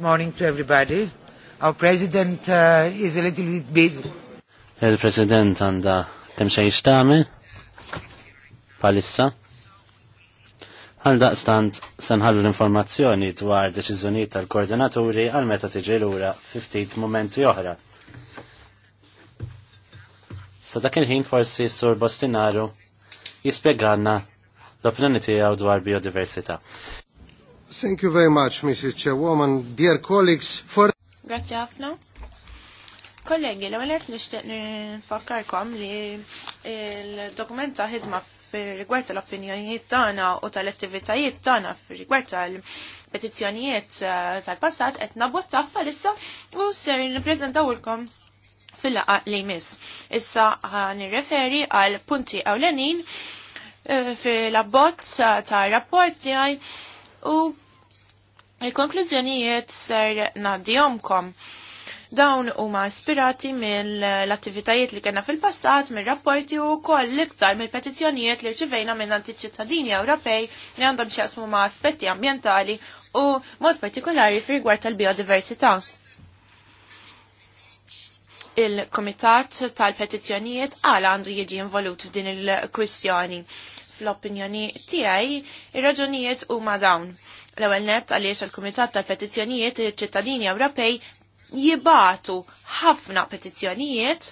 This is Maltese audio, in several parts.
morning to everybody. Our president uh, is a little bit busy. Il-president għanda kem xej xtamil palissa. Għal daqstant senħallu l-informazzjoni dwar deċiżjonijiet tal-koordinaturi għal meta tiġi lura 50 momenti oħra. Sa dak il-ħin forsi sur Bostinaru jispjegħanna l-opinjoni tiegħu dwar biodiversità. Thank you very much, Mrs. Chairwoman. Dear colleagues, for... Grazie ħafna. Kollegi, l għalet nishtiq nifakarkom li il-dokument ta' ħidma fil-rigward tal-opinjonijiet tagħna u tal-attivitajiet tagħna fil-rigward tal-petizzjonijiet eh, tal-passat qed nabbottah bħalissa u ser nippreżentawlkom fil-laqa li jmiss. Issa nirreferi għal punti ewlenin eh, fil-abbozz ta' rapport tiegħi u il-konklużjonijiet ser naddijomkom. Dawn huma ispirati mill-attivitajiet li kena fil-passat, mill-rapporti u koll iktar mill-petizzjonijiet li rċivejna minn ċittadini Ewropej li għandhom xjasmu ma' aspetti ambientali u mod partikolari fi rigward tal-biodiversità. Il-Komitat tal-Petizzjonijiet għala għandu jiġi involut f'din il-kwistjoni fl-opinjoni tiegħi ir-raġunijiet huma dawn. L-ewwel nett għaliex il-Kumitat tal-Petizzjonijiet iċ-ċittadini Ewropej jibatu ħafna petizzjonijiet,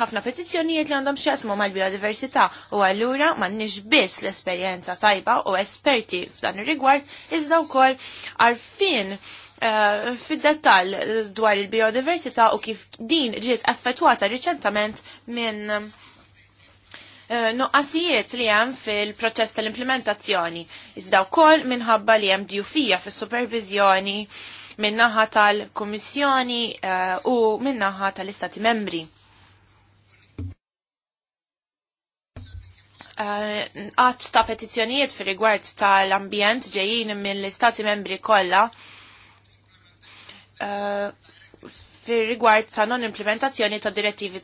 ħafna petizzjonijiet li għandhom xjasmu mal-biodiversità u għallura m'għandniex biss l-esperjenza tajba u esperti f'dan ir-rigward iżda wkoll għarfien uh, fid-dettall dwar il-biodiversità u kif din ġiet effettwata riċentament minn Eh, noqqasijiet li hemm fil-proċess tal-implementazzjoni, iżda wkoll minħabba li hemm djufija fis-supervizjoni minnaħa tal-Kummissjoni eh, u minnaħa tal-Istati Membri. Eh, għat ta' petizzjonijiet fir rigward tal-ambjent ġejjin mill-Istati Membri kollha fir rigward sa non implementazzjoni ta' direttivi eh,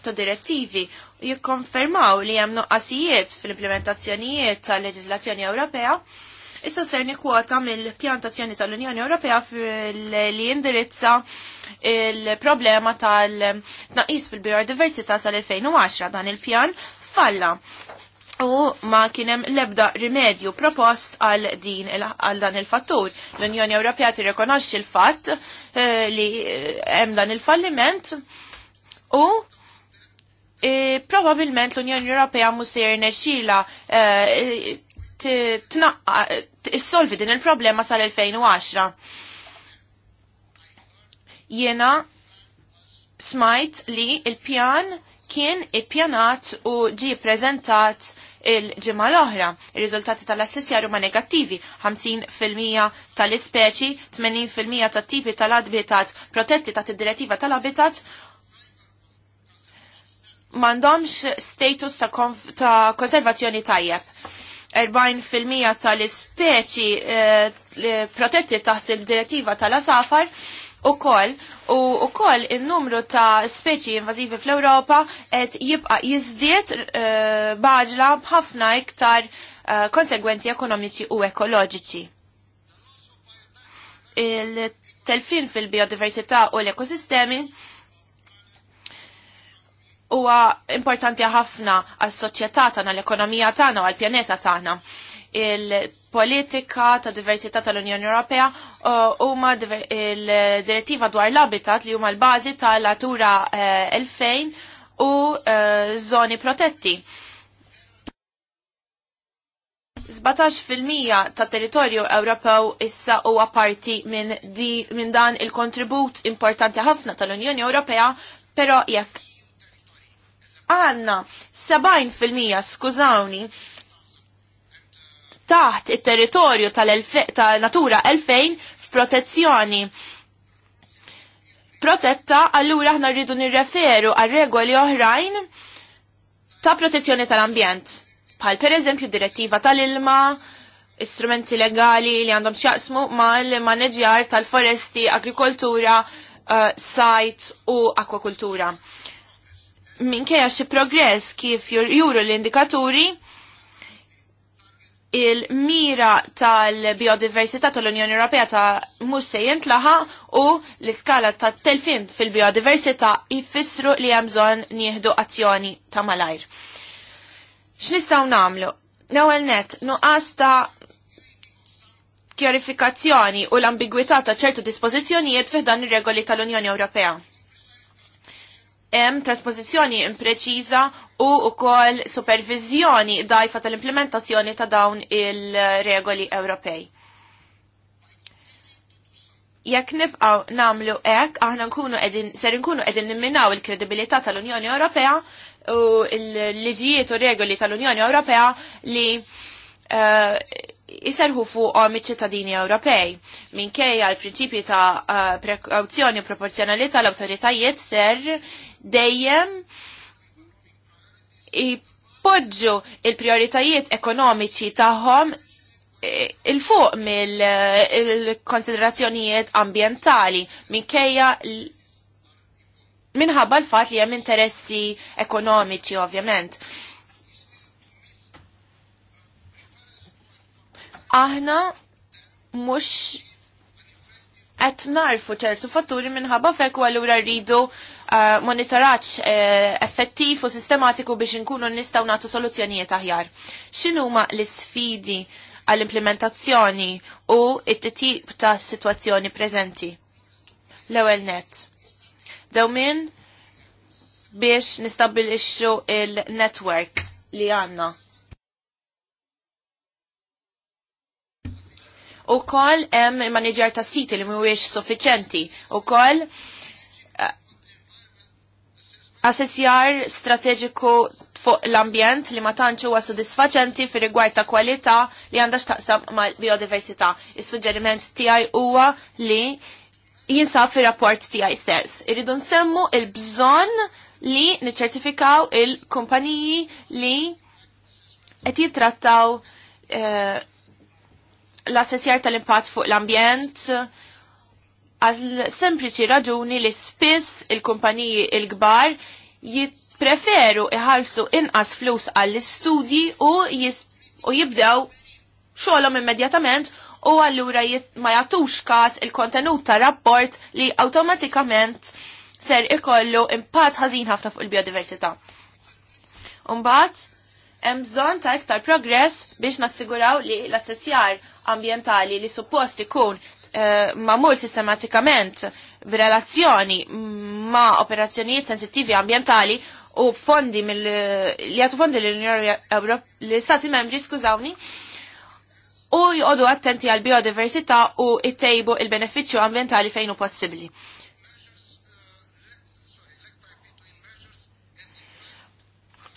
ta' direttivi jikkonfermaw li hemm noqqasijiet fil-implementazzjonijiet tal-leġislazzjoni Ewropea. Issa serni kwota mill-pjantazzjoni tal-Unjoni Ewropea li indirizza il-problema tal-naqis fil-biodiversità sal-2010 dan il-pjan falla u ma kienem lebda rimedju propost għal din għal dan il-fattur. L-Unjoni Ewropea tirrekonoxxi l-fatt eh, li eh, hemm dan il-falliment u eh, probabilment l-Unjoni Ewropea musir nexxila tissolvi din il-problema sal-2010. Jena smajt li il-pjan il pjan kien ippjanat u ġi prezentat il-ġimgħa l-oħra. Ir-riżultati tal-assessjar huma negattivi, 50% tal-ispeċi, 80% tat-tipi tal-habitat protetti ta' id-direttiva tal-habitat m'għandhomx status ta', ta konservazzjoni tajjeb. 40% tal-ispeċi eh, protetti taħt il-direttiva tal-asafar u koll u u koll il-numru ta' speċi invazivi fl-Europa et jibqa jizdiet uh, eh, baġla bħafna iktar uh, konsegwenzi ekonomiċi u ekoloġiċi. Il-telfin fil-biodiversità u l-ekosistemi huwa importanti ħafna għas-soċjetà tagħna, l-ekonomija tagħna u għall-pjaneta tagħna. Ta il-politika ta' diversità tal-Unjoni Ewropea huma il-direttiva dwar l-habitat li huma l-bażi tal-Natura 2000 eh, u żoni eh, protetti. 17% ta' territorju Ewropew issa huwa parti minn min dan il-kontribut importanti ħafna tal-Unjoni Ewropea, però jekk għanna 70% skużawni taħt it-territorju tal-natura 2000 f'protezzjoni. Protetta, allura aħna rridu nirreferu għal regoli oħrajn ta' protezzjoni tal-ambjent. Bħal per eżempju direttiva tal-ilma, istrumenti legali li għandhom xjaqsmu mal maneġjar tal-foresti, agrikoltura, uh, sajt u akwakultura. Minkejja xi progress kif juru l-indikaturi, il-mira tal-biodiversità tal-Unjoni Ewropea ta' mhux se jintlaħa u l-iskala ta' telfin fil-biodiversità jfissru li hemm bżonn nieħdu azzjoni ta' malajr. X'nistgħu nagħmlu? L-ewwel net, nuqqas ta' kjarifikazzjoni u l-ambigwità ta' ċertu dispożizzjonijiet fih dan ir-regoli tal-Unjoni Ewropea hemm trasposizzjoni impreċiża u ukoll supervizjoni dajfa tal-implementazzjoni ta' dawn il-regoli Ewropej. Jekk nibqaw namlu hekk, aħna nkunu qegħdin ser nkunu qegħdin nimminaw il-kredibilità tal-Unjoni Ewropea u l-liġijiet u regoli tal-Unjoni Ewropea li uh, iserħu fuqhom iċ-ċittadini Ewropej. Minkejja l-prinċipji ta' uh, prekawzjoni u proporzjonalità l-awtoritajiet ser dejjem Jipoġġu il-prioritajiet ekonomiċi tagħhom e, il-fuq mill-konsiderazzjonijiet ambientali minkejja minħabba l-fat li hemm interessi ekonomiċi ovvjament. Aħna mhux qed narfu ċertu fatturi minħabba fekk u allura rridu uh, monitoraġġ uh, effettiv u sistematiku biex inkunu nistgħu nagħtu soluzzjonijiet aħjar. X'inhuma l-isfidi għall-implementazzjoni u it-tip ta' situazzjoni preżenti? L-ewwel net. Dew min biex nistabilixxu il-network li għandna. U kol hemm manager ta' siti li mhuwiex suffiċenti. U kol assessjar strateġiku fuq l-ambjent li ma tantx huwa sodisfaċenti fir rigward ta' kwalità li għandha x'taqsam mal-biodiversità. Is-suġġeriment tiegħi huwa li jinsab fir-rapport tiegħi stess. Irridu nsemmu il-bżonn li niċċertifikaw il-kumpaniji li qed jittrattaw eh, l-assessjar tal-impatt fuq l-ambjent, għal sempliċi raġuni li spiss il-kumpaniji il-gbar jippreferu iħalsu inqas flus għall-istudji u, u jibdew xolom immedjatament u għallura ma jatux kas il-kontenut ta' rapport li automatikament ser ikollu impatt ħażin ħafna fuq il-biodiversità. Umbat, hemm bżonn ta' iktar progress biex nassiguraw li l-assessjar ambjentali li suppost ikun Eh, mamur sistematikament b'relazzjoni ma' operazzjonijiet sensittivi ambientali u fondi mill li għatu fondi l-Unjoni Ewropea l istati membri skużawni u jgħodu attenti għal biodiversità u ittejbu il-benefiċċju ambientali fejn hu possibbli.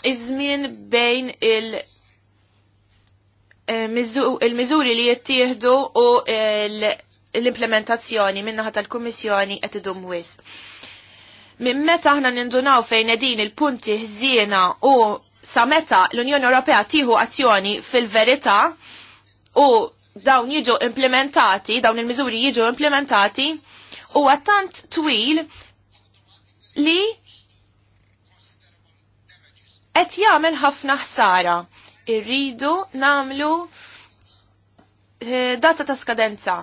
Iż-żmien bejn il- eh, il-miżuri li jittieħdu u il- l-implementazzjoni minnaħat tal-Kummissjoni qed idum wisq. Minn meta aħna nindunaw fejn din il-punti ħżiena u sa meta l-Unjoni Ewropea tieħu azzjoni fil-verità u dawn jiġu implementati, dawn il-miżuri jiġu implementati, u għattant twil li qed jagħmel ħafna ħsara. Irridu namlu eh, data ta' skadenza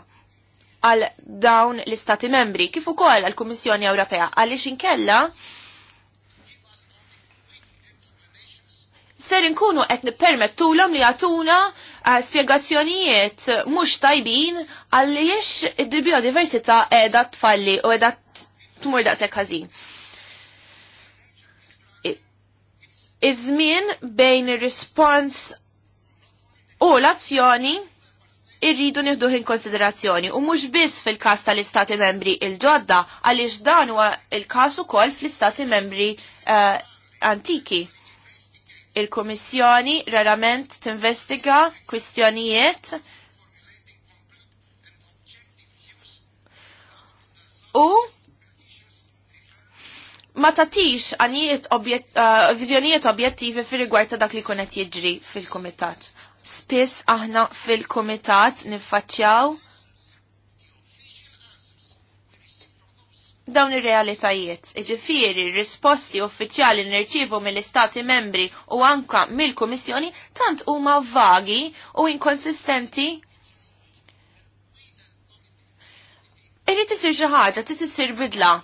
għal dawn l-Istati membri, kif ukoll għal Kummissjoni Ewropea, għaliex inkella ser inkunu qed nippermettulhom li jagħtuna eh, spjegazzjonijiet mhux tajbin għaliex id-biodiversità qiegħda tfalli u qiegħda tmur daqshekk ħażin. Iż-żmien bejn ir-rispons u l-azzjoni irridu nieħduh in konsiderazzjoni u mhux biss fil-każ tal-Istati Membri il-ġodda għaliex dan huwa il-każ ukoll fl-Istati Membri uh, antiki. Il-Kummissjoni rarament tinvestiga kwistjonijiet u ma tatix għanijiet uh, eh, vizjonijiet objettivi fil rigward ta' dak li kunet jiġri fil-Kumitat spiss aħna fil-komitat niffaċċjaw dawn ir-realitajiet, iġifieri risposti uffiċjali nirċievu mill-Istati membri u anka mill-Kummissjoni tant huma vagi u inkonsistenti. Irrid isir xi ħaġa, trid isir bidla.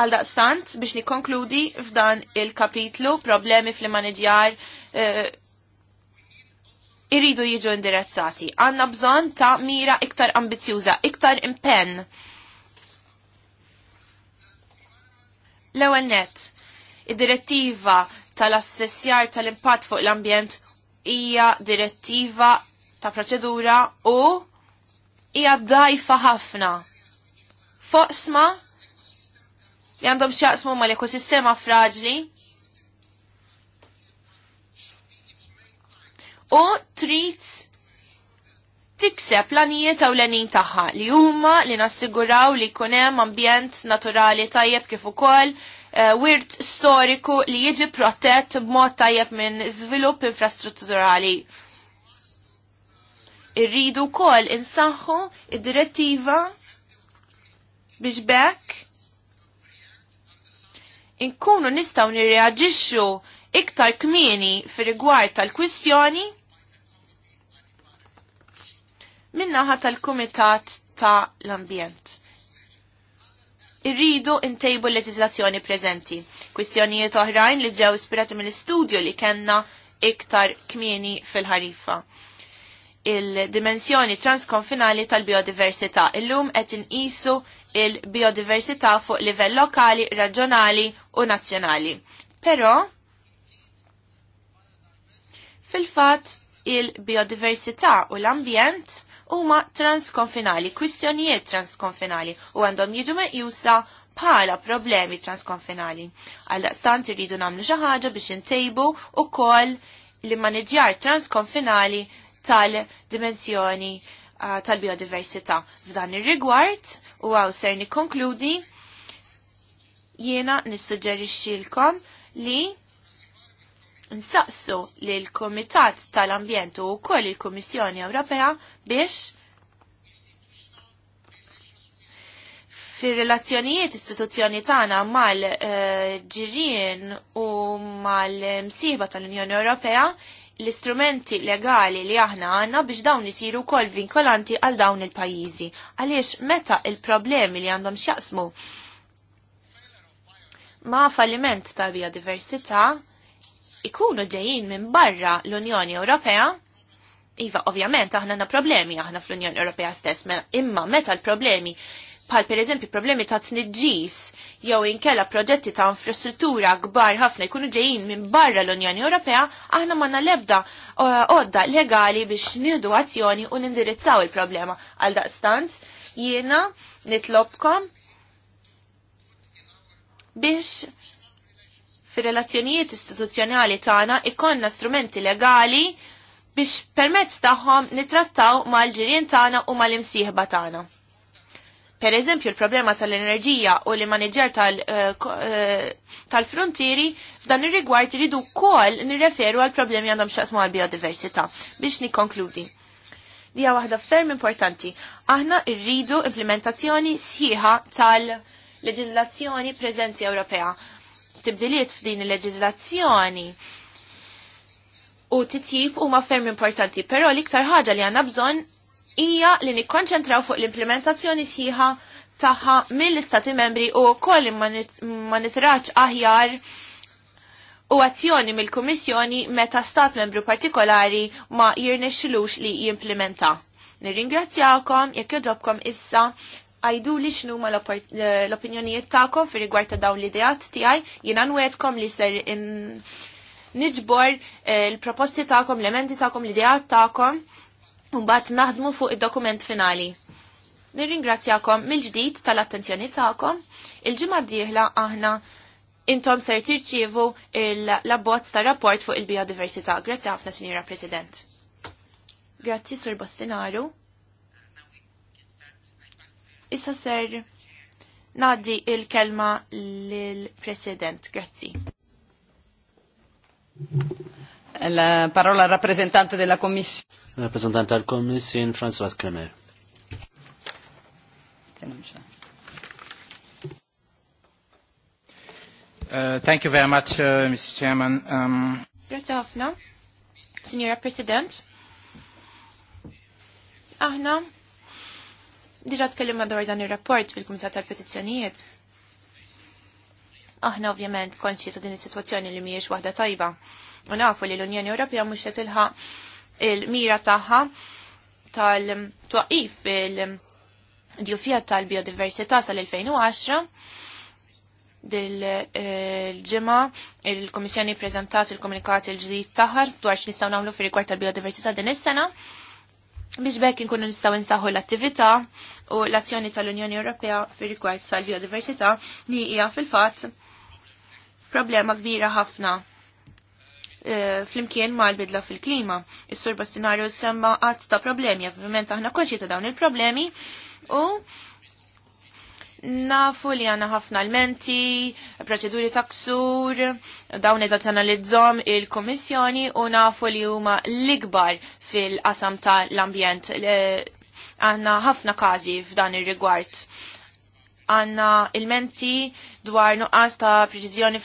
Għal daqstant biex nikonkludi f'dan il-kapitlu problemi fl-manedjar uh, e, irridu jiġu indirezzati. Għanna bżon ta' mira iktar ambizjuża, iktar impenn. L-ewwel net, id-direttiva tal-assessjar tal-impatt fuq l-ambjent hija direttiva ta' proċedura u hija dajfa ħafna. Foqsma li għandhom xaqsmu ma l-ekosistema fraġli u trit tikseb l-anijiet u l tagħha li huma li nassiguraw li jkun hemm ambjent naturali tajjeb kif ukoll uh, wirt storiku li jiġi protett b'mod tajjeb minn żvilupp infrastrutturali. Irridu wkoll insaħħu id-direttiva biex bekk inkunu nistaw nirreagġixxu iktar kmieni fir rigward tal-kwistjoni minnaħa tal-Kumitat ta' l-Ambjent. Irridu intejbu l-leġizlazzjoni preżenti. Kwistjonijiet oħrajn li ġew ispirati mill-istudju li kenna iktar kmieni fil-ħarifa il-dimensjoni transkonfinali tal-biodiversità. Illum qed inqisu il-biodiversità fuq livell lokali, raġjonali u nazzjonali. Però fil-fatt il-biodiversità u l-ambjent huma transkonfinali, kwistjonijiet transkonfinali u għandhom jiġu meqjusa bħala problemi transkonfinali. Għal-daqstant irridu namlu xi ħaġa biex intejbu ukoll li maniġjar transkonfinali tal-dimensjoni uh, tal-biodiversità. F'dan ir-rigward, u għaw ser nikonkludi jiena nissuġġerixxilkom li nsaqsu li l-Komitat tal-Ambjent u wkoll il-Kummissjoni Ewropea biex fir-relazzjonijiet istituzzjoni tagħna mal-ġirien u mal-msieħba tal-Unjoni Ewropea l-istrumenti legali li aħna għanna biex dawn isiru kol vinkolanti għal dawn il-pajizi. Għaliex meta il-problemi li għandhom xjaqsmu ma falliment ta' biodiversità ikunu ġejjin minn barra l-Unjoni Ewropea Iva, ovvjament, aħna na problemi aħna fl-Unjoni Ewropea stess, imma meta l-problemi bħal per eżempju problemi ta' tniġġis jew inkella proġetti ta' infrastruttura kbar ħafna jkunu ġejjin minn barra l-Unjoni Ewropea, aħna ma nalebda għodda legali biex nieħdu azzjoni u nindirizzaw il-problema. Għal daqstanz jiena nitlobkom biex fir-relazzjonijiet istituzzjonali tagħna ikonna strumenti legali biex permezz tagħhom nitrattaw mal-ġirien tagħna u mal-imsieħba tagħna. Per eżempju, il-problema tal-enerġija u li maniġer eh, eh, tal-frontieri f'dan ir-rigward iridu wkoll nirreferu għal problemi għandhom x'aqsmu għal biodiversità biex nikkonkludi. Dija waħda ferm importanti. Aħna rridu implementazzjoni sħiħa tal-leġiżlazzjoni preżenti Ewropea. Tibdiliet f'din il-leġiżlazzjoni u titjib huma ferm importanti, però l-iktar ħaġa li għandna bżonn hija li nikkonċentraw fuq l-implementazzjoni sħiħa tagħha mill-Istati membri u wkoll monitoraġġ aħjar u azzjoni mill-Kummissjoni meta stat membru partikolari ma jirnexxilux li jimplementa. Nirringrazzjakom jekk jodobkom issa għajdu li x'numa l-opinjonijiet tagħkom fi rigward ta' dawn l-ideat tiegħi jiena nwedkom li ser in... niġbor il eh, proposti ta'kom, l-emendi ta'kom, l-ideat ta'kom Umbat naħdmu fuq id-dokument finali. Nirringrazzjakom mill-ġdid tal-attenzjoni tagħkom. Il-ġimgħa d-dieħla aħna intom ser tirċievu l-abbozz tar rapport fuq il-biodiversità. Grazzi ħafna, Sinjura President. Grazzi, Sur Bostinaru. Issa ser naddi il-kelma lill-President. Grazzi la parola al rappresentante della Commissione. Rappresentante della Commissione, François Kremer. Uh, thank you very much, uh, Mr. Chairman. Um, Grazie ħafna, Signora President. Aħna, diġa tkellimna dwar dan il rapport fil-Kumitat tal-Petizzjonijiet. Aħna ovvjament konċi ta' din is-sitwazzjoni li miex waħda tajba. U nafu li l-Unjoni Ewropea mhux se tilħaq il-mira tagħha tal-twaqif il ġufija tal-biodiversità sal-2010 dil-ġimma eh, il-Komissjoni prezentat il-komunikat il-ġdid taħar dwar x'nistgħu nagħmlu fir rigward tal-biodiversità din is-sena biex bekk inkunu nistgħu nsaħħu l-attività u l-azzjoni tal-Unjoni Ewropea fir rigward tal-biodiversità li hija fil-fatt problema kbira ħafna Eh, flimkien ma' l-bidla fil-klima. Is-sur Bastinarju semma għat ta' problemi, ovvjament aħna konxi ta' dawn il-problemi u nafu li għana ħafna l-menti, proċeduri ta' ksur, dawn edha tanalizzom il-Komissjoni u nafu li huma l-ikbar fil-qasam tal-ambjent. Eh, għanna ħafna kazi f'dan ir-rigward għanna il-menti dwar nuqqas ta' preċizjoni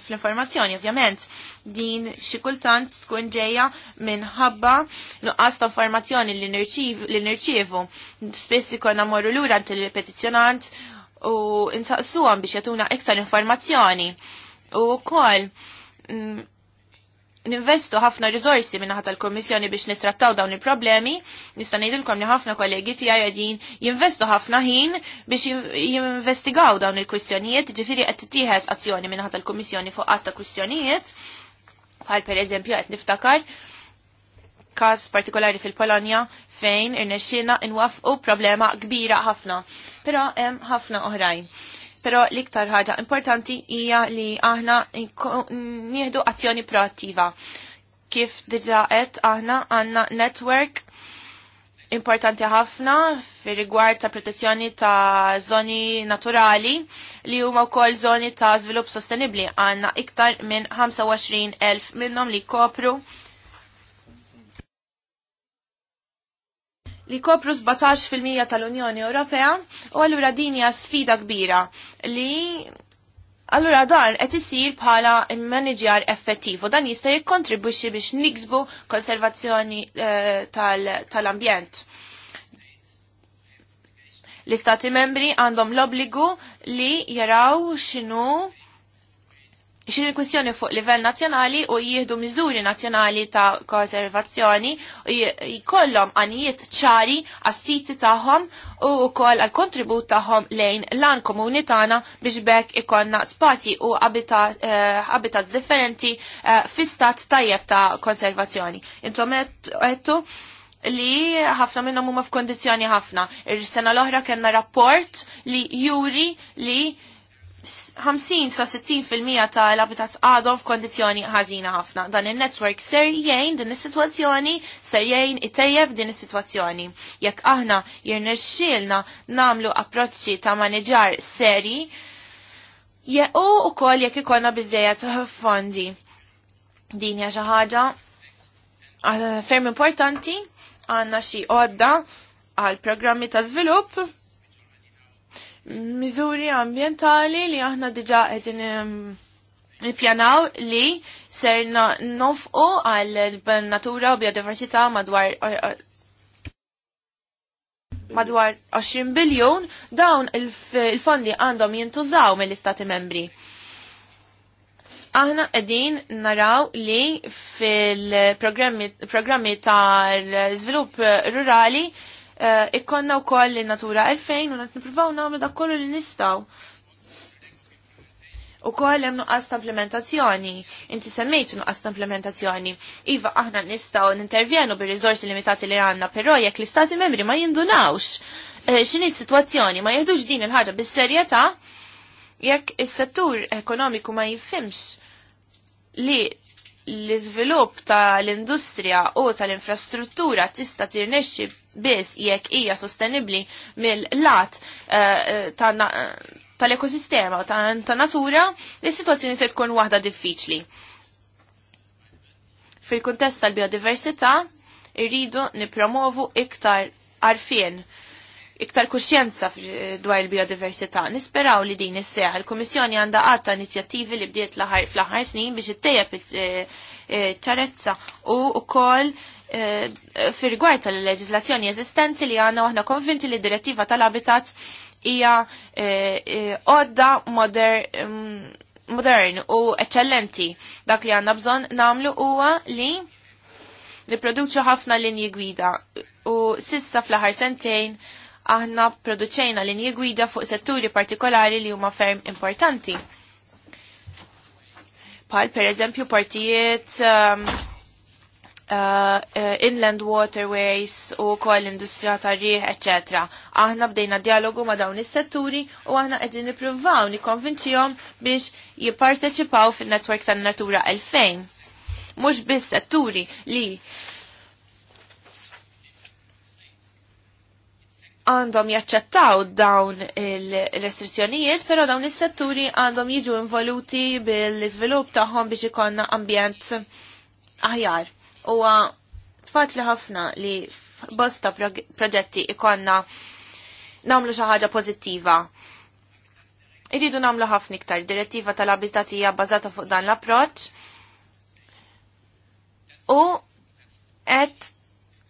fl-informazzjoni, ovvjament. Din xikultant tkun ġeja minħabba nuqqas ta' informazzjoni li inerċivu Spess ikonna morru l-ura il-petizjonant u insaqsuhom biex jatuna iktar informazzjoni. U kol, mm, ninvestu ħafna rizorsi minna ħat tal komissjoni biex nitrattaw dawn il-problemi, nista' ngħidilkom li ħafna kollegi tiegħi qegħdin jinvestu ħafna ħin biex jinvestigaw dawn il-kwistjonijiet, ġifieri qed tieħed azzjoni minn ħat tal-Komissjoni fuq qatt ta' kwistjonijiet, bħal pereżempju qed niftakar każ partikolari fil-Polonja fejn irnexxina nwafqu problema kbira ħafna, però hemm ħafna oħrajn però l-iktar ħaġa importanti hija li aħna nieħdu azzjoni proattiva. Kif diġa qed aħna għandna network importanti ħafna fir rigward ta' protezzjoni ta' zoni naturali li huma wkoll zoni ta' żvilupp sostenibbli għandna iktar minn 25,000 minnhom li kopru li kopru 17% tal-Unjoni Ewropea u allura din hija sfida kbira li allura dan qed isir bħala manager effettiv u dan jista' jikkontribwixxi biex niksbu konservazzjoni eh, tal-ambjent. -tal L-istati membri għandhom l-obbligu li jaraw x'inhu xin il-kwistjoni fuq livell nazjonali u jieħdu miżuri nazjonali ta' konservazzjoni u jkollhom għanijiet ċari għas-siti tagħhom u wkoll għal-kontribut tagħhom lejn lan komuni tagħna biex bekk ikonna spazji u eh, habitat differenti fistat eh, fi stat tajjeb ta' konservazzjoni. Intom għettu li ħafna minnhom huma f'kondizzjoni ħafna. Ir-sena l-oħra kellna rapport li juri li 50 sa 60% ta' l-abitat għadhom f'kondizjoni ħażina ħafna. Dan il-network ser jgħin din is-sitwazzjoni, ser jgħin itejjeb din is-sitwazzjoni. Jekk aħna jirnexxielna namlu approċċi ta' maneġar seri, jew ukoll jekk ikollna biżejjed fondi. Din hija xi ħaġa ah, ferm importanti għandna xi għodda għal programmi ta' żvilupp miżuri ambientali li aħna diġa qegħdin ippjanaw li ser nofqu għal natura u biodiversità madwar madwar 20 biljon dawn il-fondi għandhom jintużaw mill-istati membri. Aħna qegħdin naraw li fil-programmi tal-żvilupp rurali Eh, ikkonna u koll il-natura 2000 u għet niprivaw namlu da kollu li nistaw. U koll hemm nuqqas ta' implementazzjoni. Inti semmejt nuqqas ta' implementazzjoni. Iva aħna nistgħu nintervjenu bir rizorsi limitati li għandna, però jekk l-istati membri ma jindunawx eh, x'inhi situazzjoni, sitwazzjoni ma jeħdux din il-ħaġa bis-serjetà, jekk is-settur ekonomiku ma jifimx li l-iżvilupp ta' l-industrija u tal-infrastruttura tista' tirnexxi biss jekk hija sostenibbli mill-lat eh, eh, eh, tal-ekosistema u ta' natura, l sitwazzjoni se tkun waħda diffiċli. Fil-kuntest tal-biodiversità, irridu nipromovu iktar arfien iktar kuxjenza dwar il-biodiversità. Nisperaw li din is-seħ. Il-Kummissjoni għandha għatta inizjattivi li bdiet fl-aħħar snin biex ittejjeb eh, eh, ċarezza u wkoll eh, fir rigward tal-leġislazzjoni eżistenti li għandna waħna konvinti li direttiva tal-habitat hija għodda mm, modern u eccellenti. Dak li għandna bżonn namlu huwa li produċu ħafna linji gwida u sissa fl-aħħar sentejn aħna produċejna linji gwida fuq setturi partikolari li huma ferm importanti. Pal per eżempju partijiet um, uh, uh inland waterways u kol industrija tarriħ, etc. Aħna bdejna dialogu ma dawn is-setturi u aħna qegħdin nippruvaw nikkonvinċihom biex jipparteċipaw fin-netwerk tan-Natura 2000. Mhux biss setturi li għandhom jaċċettaw dawn il-restrizzjonijiet, pero dawn is-setturi għandhom jiġu involuti bil-iżvilupp tagħhom biex ikonna ambjent aħjar. Huwa faċli ħafna li bosta proġetti ikonna namlu xi ħaġa pożittiva. Irridu namlu ħafna iktar. Direttiva tal-abizdat hija bbażata fuq dan l-approċċ u qed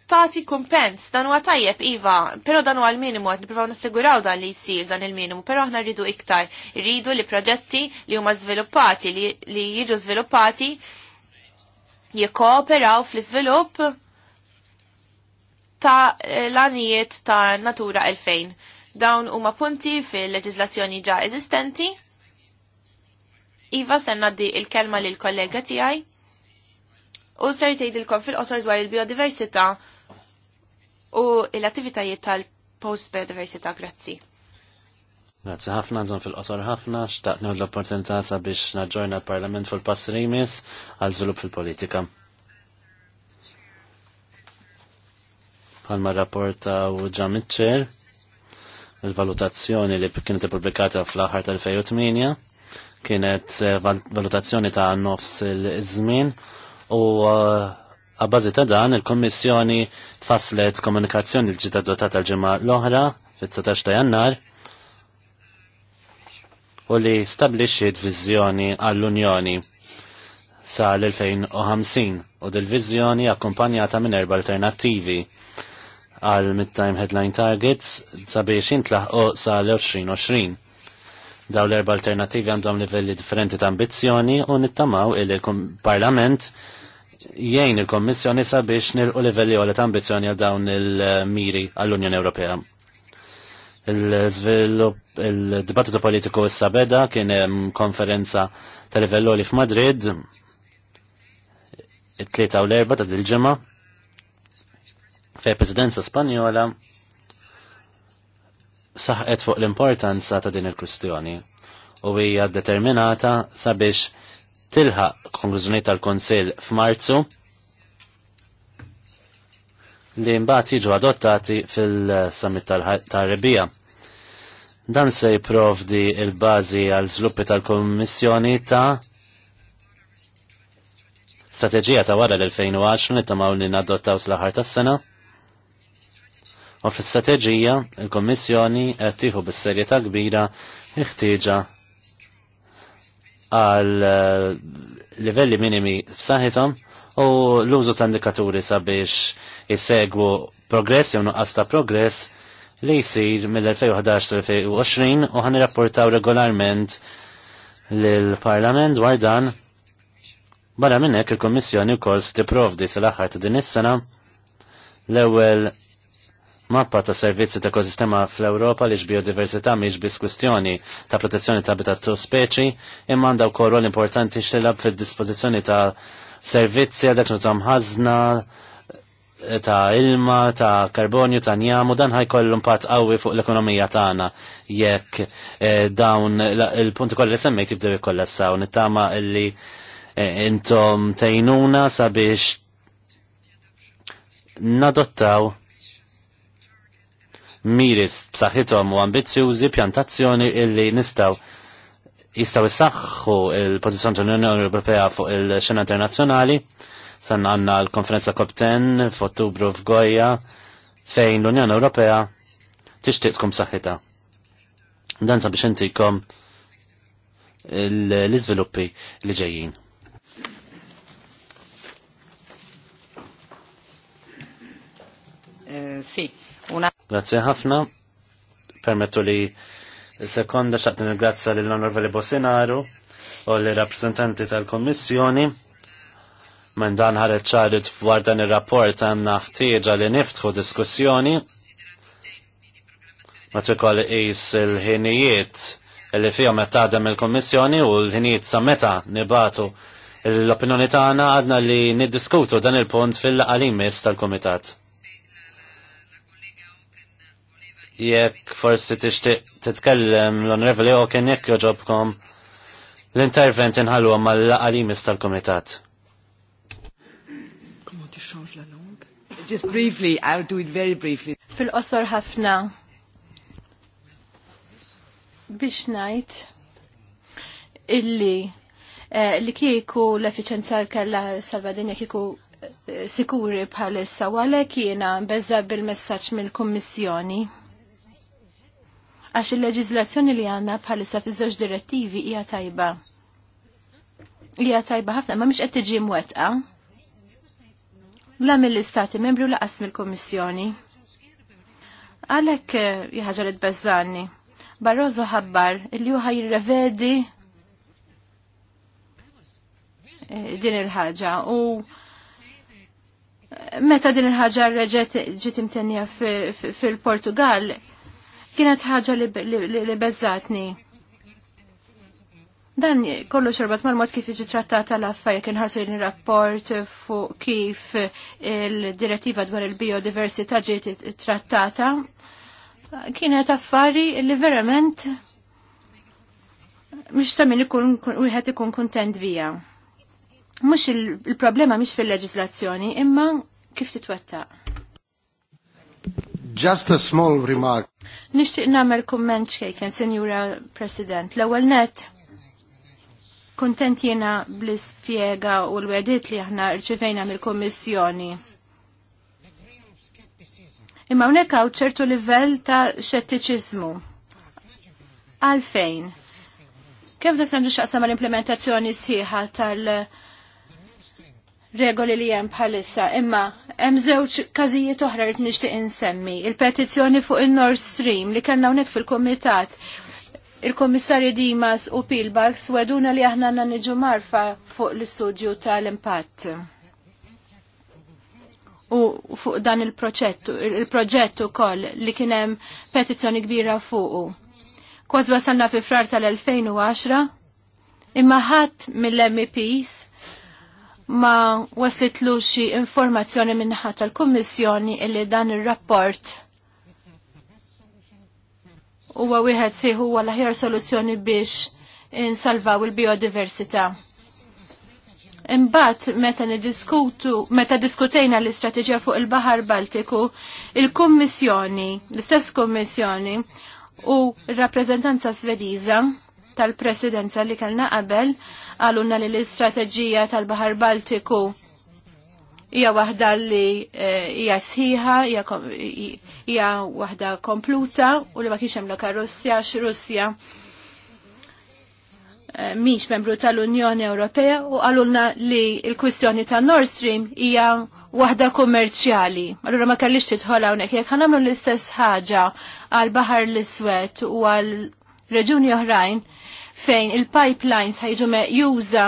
tati kumpens, dan huwa tajjeb iva, però dan huwa l-minimu qed niprofaw nassiguraw dan li jsir dan il-minimu, però aħna rridu iktar, rridu li proġetti li huma żviluppati li, li jiġu żviluppati jikkooperaw fl-iżvilupp ta' l-anijiet ta' Natura 2000. Dawn huma punti fil-leġiżlazzjoni ġa eżistenti. Iva sen naddi il-kelma l kollega tiegħi u ser tgħidilkom fil-qosor dwar il-biodiversità u l-attivitajiet tal-post-biodiversità. Grazzi. Grazzi ħafna, nżon fil-qosor ħafna, xtaqt l-opportunità sabiex naġġorna l-Parlament fil-pass rimis għal żvilupp fil-politika. Palma rapporta u ġamitċer, il-valutazzjoni li kienet publikata fl-aħħar tal-2008 kienet eh, valutazzjoni ta' nofs il-żmien u eh, Għabbażi ta' dan, il-Kommissjoni faslet komunikazzjoni l-ġita dotata tal-ġimgħa l-oħra fit 17 ta' Jannar u li d viżjoni għall-Unjoni sa l-2050 u d vizjoni akkumpanjata minn erba alternattivi għal mid-time headline targets sabiex jintlaħqu sa l-2020. Daw l-erba alternativi għandhom livelli differenti ta' ambizzjoni u nittamaw il-Parlament jgħin il-Kommissjoni sabiex nilqu livelli għalet ambizjoni għal dawn il-miri għall-Unjoni Ewropea. Il-żvilupp il-dibattitu politiku issa beda kien hemm konferenza ta' livellu li f'Madrid it-tlieta u l-erba ta' dil-ġimgħa fej Presidenza Spanjola saħqet fuq l-importanza ta' din il-kwistjoni u hija determinata sabiex tilħa konklużjoni tal-Konsil f'Marzu li mbagħad jiġu adottati fil-summit tal-Rebija. Dan se jipprovdi il-bażi għal żluppi tal-Kommissjoni ta' strateġija ta' wara l-2010 li tamaw li nadottaw sl-aħħar tas-sena. U fis-strateġija il-Kommissjoni qed tieħu bis-serjetà kbira iħtieġa għal eh, livelli minimi f'saħħithom u l-użu ta' indikaturi sabiex jissegwu progress jew nuqqas ta' progress li jsir mill-2011-2020 u ħan rapportaw regolarment lill-Parlament dwar dan barra minnek il-Kommissjoni wkoll tipprovdi sal-aħħar ta' din is-sena l-ewwel mappa ta' servizzi ta' ekosistema fl-Europa li biodiversità miex biss kwestjoni ta' protezzjoni ta' habitat tu speċi imma għandha wkoll rol importanti xtilab fil dispożizzjoni ta' servizzi għal dak nużam ħażna ta' ilma, ta' karbonju, ta' njamu, dan ħajkollu impatt qawwi fuq l-ekonomija tagħna jekk eh, dawn il-punti li semmejt jibdew jikkollessaw. Nittama illi eh, intom tejnuna sabiex nadottaw miris b'saħħithom u ambizzjużi pjantazzjoni illi nistaw jistaw issaħħu il pożizzjoni tal-Unjoni Ewropea fuq il-xena internazzjonali. San għanna l-konferenza COP10 f'Ottubru f'Goja fejn l-Unjoni Ewropea tixtieq tkun b'saħħitha. Dan sabiex intikom l-iżviluppi li ġejjin. Uh, sì, Grazie ħafna. Permettu li sekonda xaqt nirgrazza l onorvali Bosinaru u l rappresentanti tal-Kommissjoni. Men dan ħareċ ċarit f'war dan ir-rapport għandna ħtieġa li niftħu diskussjoni ma tikol is il-ħinijiet li fihom qed tagħdem il-Kommissjoni u l-ħinijiet sa meta nibatu l-opinjoni tagħna għadna li niddiskutu dan il-punt fil-qalimis tal-Kumitat. jekk forsi tixtieq titkellem l-Onorevoli kien jekk joġobkom l-intervent inħalluhom mal-qalimis tal-Kumitat. Just briefly, I'll do it very briefly. Fil-qosor ħafna biex ngħid illi eh, li kieku l-efficienza kella Salvadinja kieku eh, sikuri bħalissa, għalek jiena bezza bil messagġ mill-Kommissjoni għax il-leġizlazzjoni li għanna bħalissa fi żewġ direttivi hija tajba. Hija tajba ħafna ma mhix qed tiġi mwettqa. La mill-istati membri u laqas mill-Kummissjoni. Għalhekk eh, jħaġa li tbeżżanni. Barroso ħabbar li juħa jirrevedi eh, din il-ħaġa u meta din il-ħaġa reġet ġiet fil-Portugal kienet ħaġa li bezzatni. Dan kollu xorbat mal-mod kif iġi trattata l-affarijiet kien ħasir rapport fuq kif il-direttiva dwar il-biodiversità ġiet trattata. Kienet affari li verament mhux samin min ikun wieħed ikun kuntent bija. Mhux il-problema mhix fil-leġislazzjoni, imma kif titwettaq. Just a small remark. Nixtieq nagħmel kumment xejken, Sinjura President. L-ewwel net kontent jena bl-ispjega u l-wedit li aħna rċivejna mill-Kummissjoni. Imma hawnhekk hawn ċertu livell ta' xettiċiżmu. Għalfejn? Kif dak nagħmlu xaqsam l-implementazzjoni sħiħa tal- regoli li hemm bħalissa, imma hemm żewġ każijiet oħra rid nixtieq insemmi. Il-petizzjoni fuq il-Nord Stream li kellna hawnhekk fil-kumitat il-Komissarju Dimas u Pilbax weduna li aħna għandna niġu marfa fuq l-istudju tal-impatt. U fuq dan il-proġett il-proġett ukoll li kien hemm petizzjoni kbira fuqu. Kważ wasanna fi frar tal-2010 imma ħadd mill meps ma waslitlu xi informazzjoni minnaħa tal-Kummissjoni illi dan ir-rapport huwa wieħed sieħu huwa l-aħjar soluzzjoni biex insalvaw il-biodiversità. Imbagħad meta niddiskutu meta diskutejna l-istrateġija fuq il-Baħar Baltiku, il-Kummissjoni, l-istess Kummissjoni u r-rappreżentanza Svediża tal-Presidenza li kellna qabel għalunna li l-istrateġija tal-Bahar Baltiku hija waħda li eh, hija sħiħa, hija waħda kompluta u li ma kienx hemm Russja għax Russja eh, miex membru tal-Unjoni Ewropea u għalulna li il-kwistjoni ta' Nord Stream hija waħda kummerċjali. Allura ma kellix tidħol hawnhekk jekk ħanamlu l-istess ħaġa għal Baħar l-Iswed u għal reġuni oħrajn fejn il-pipelines ħajġu juża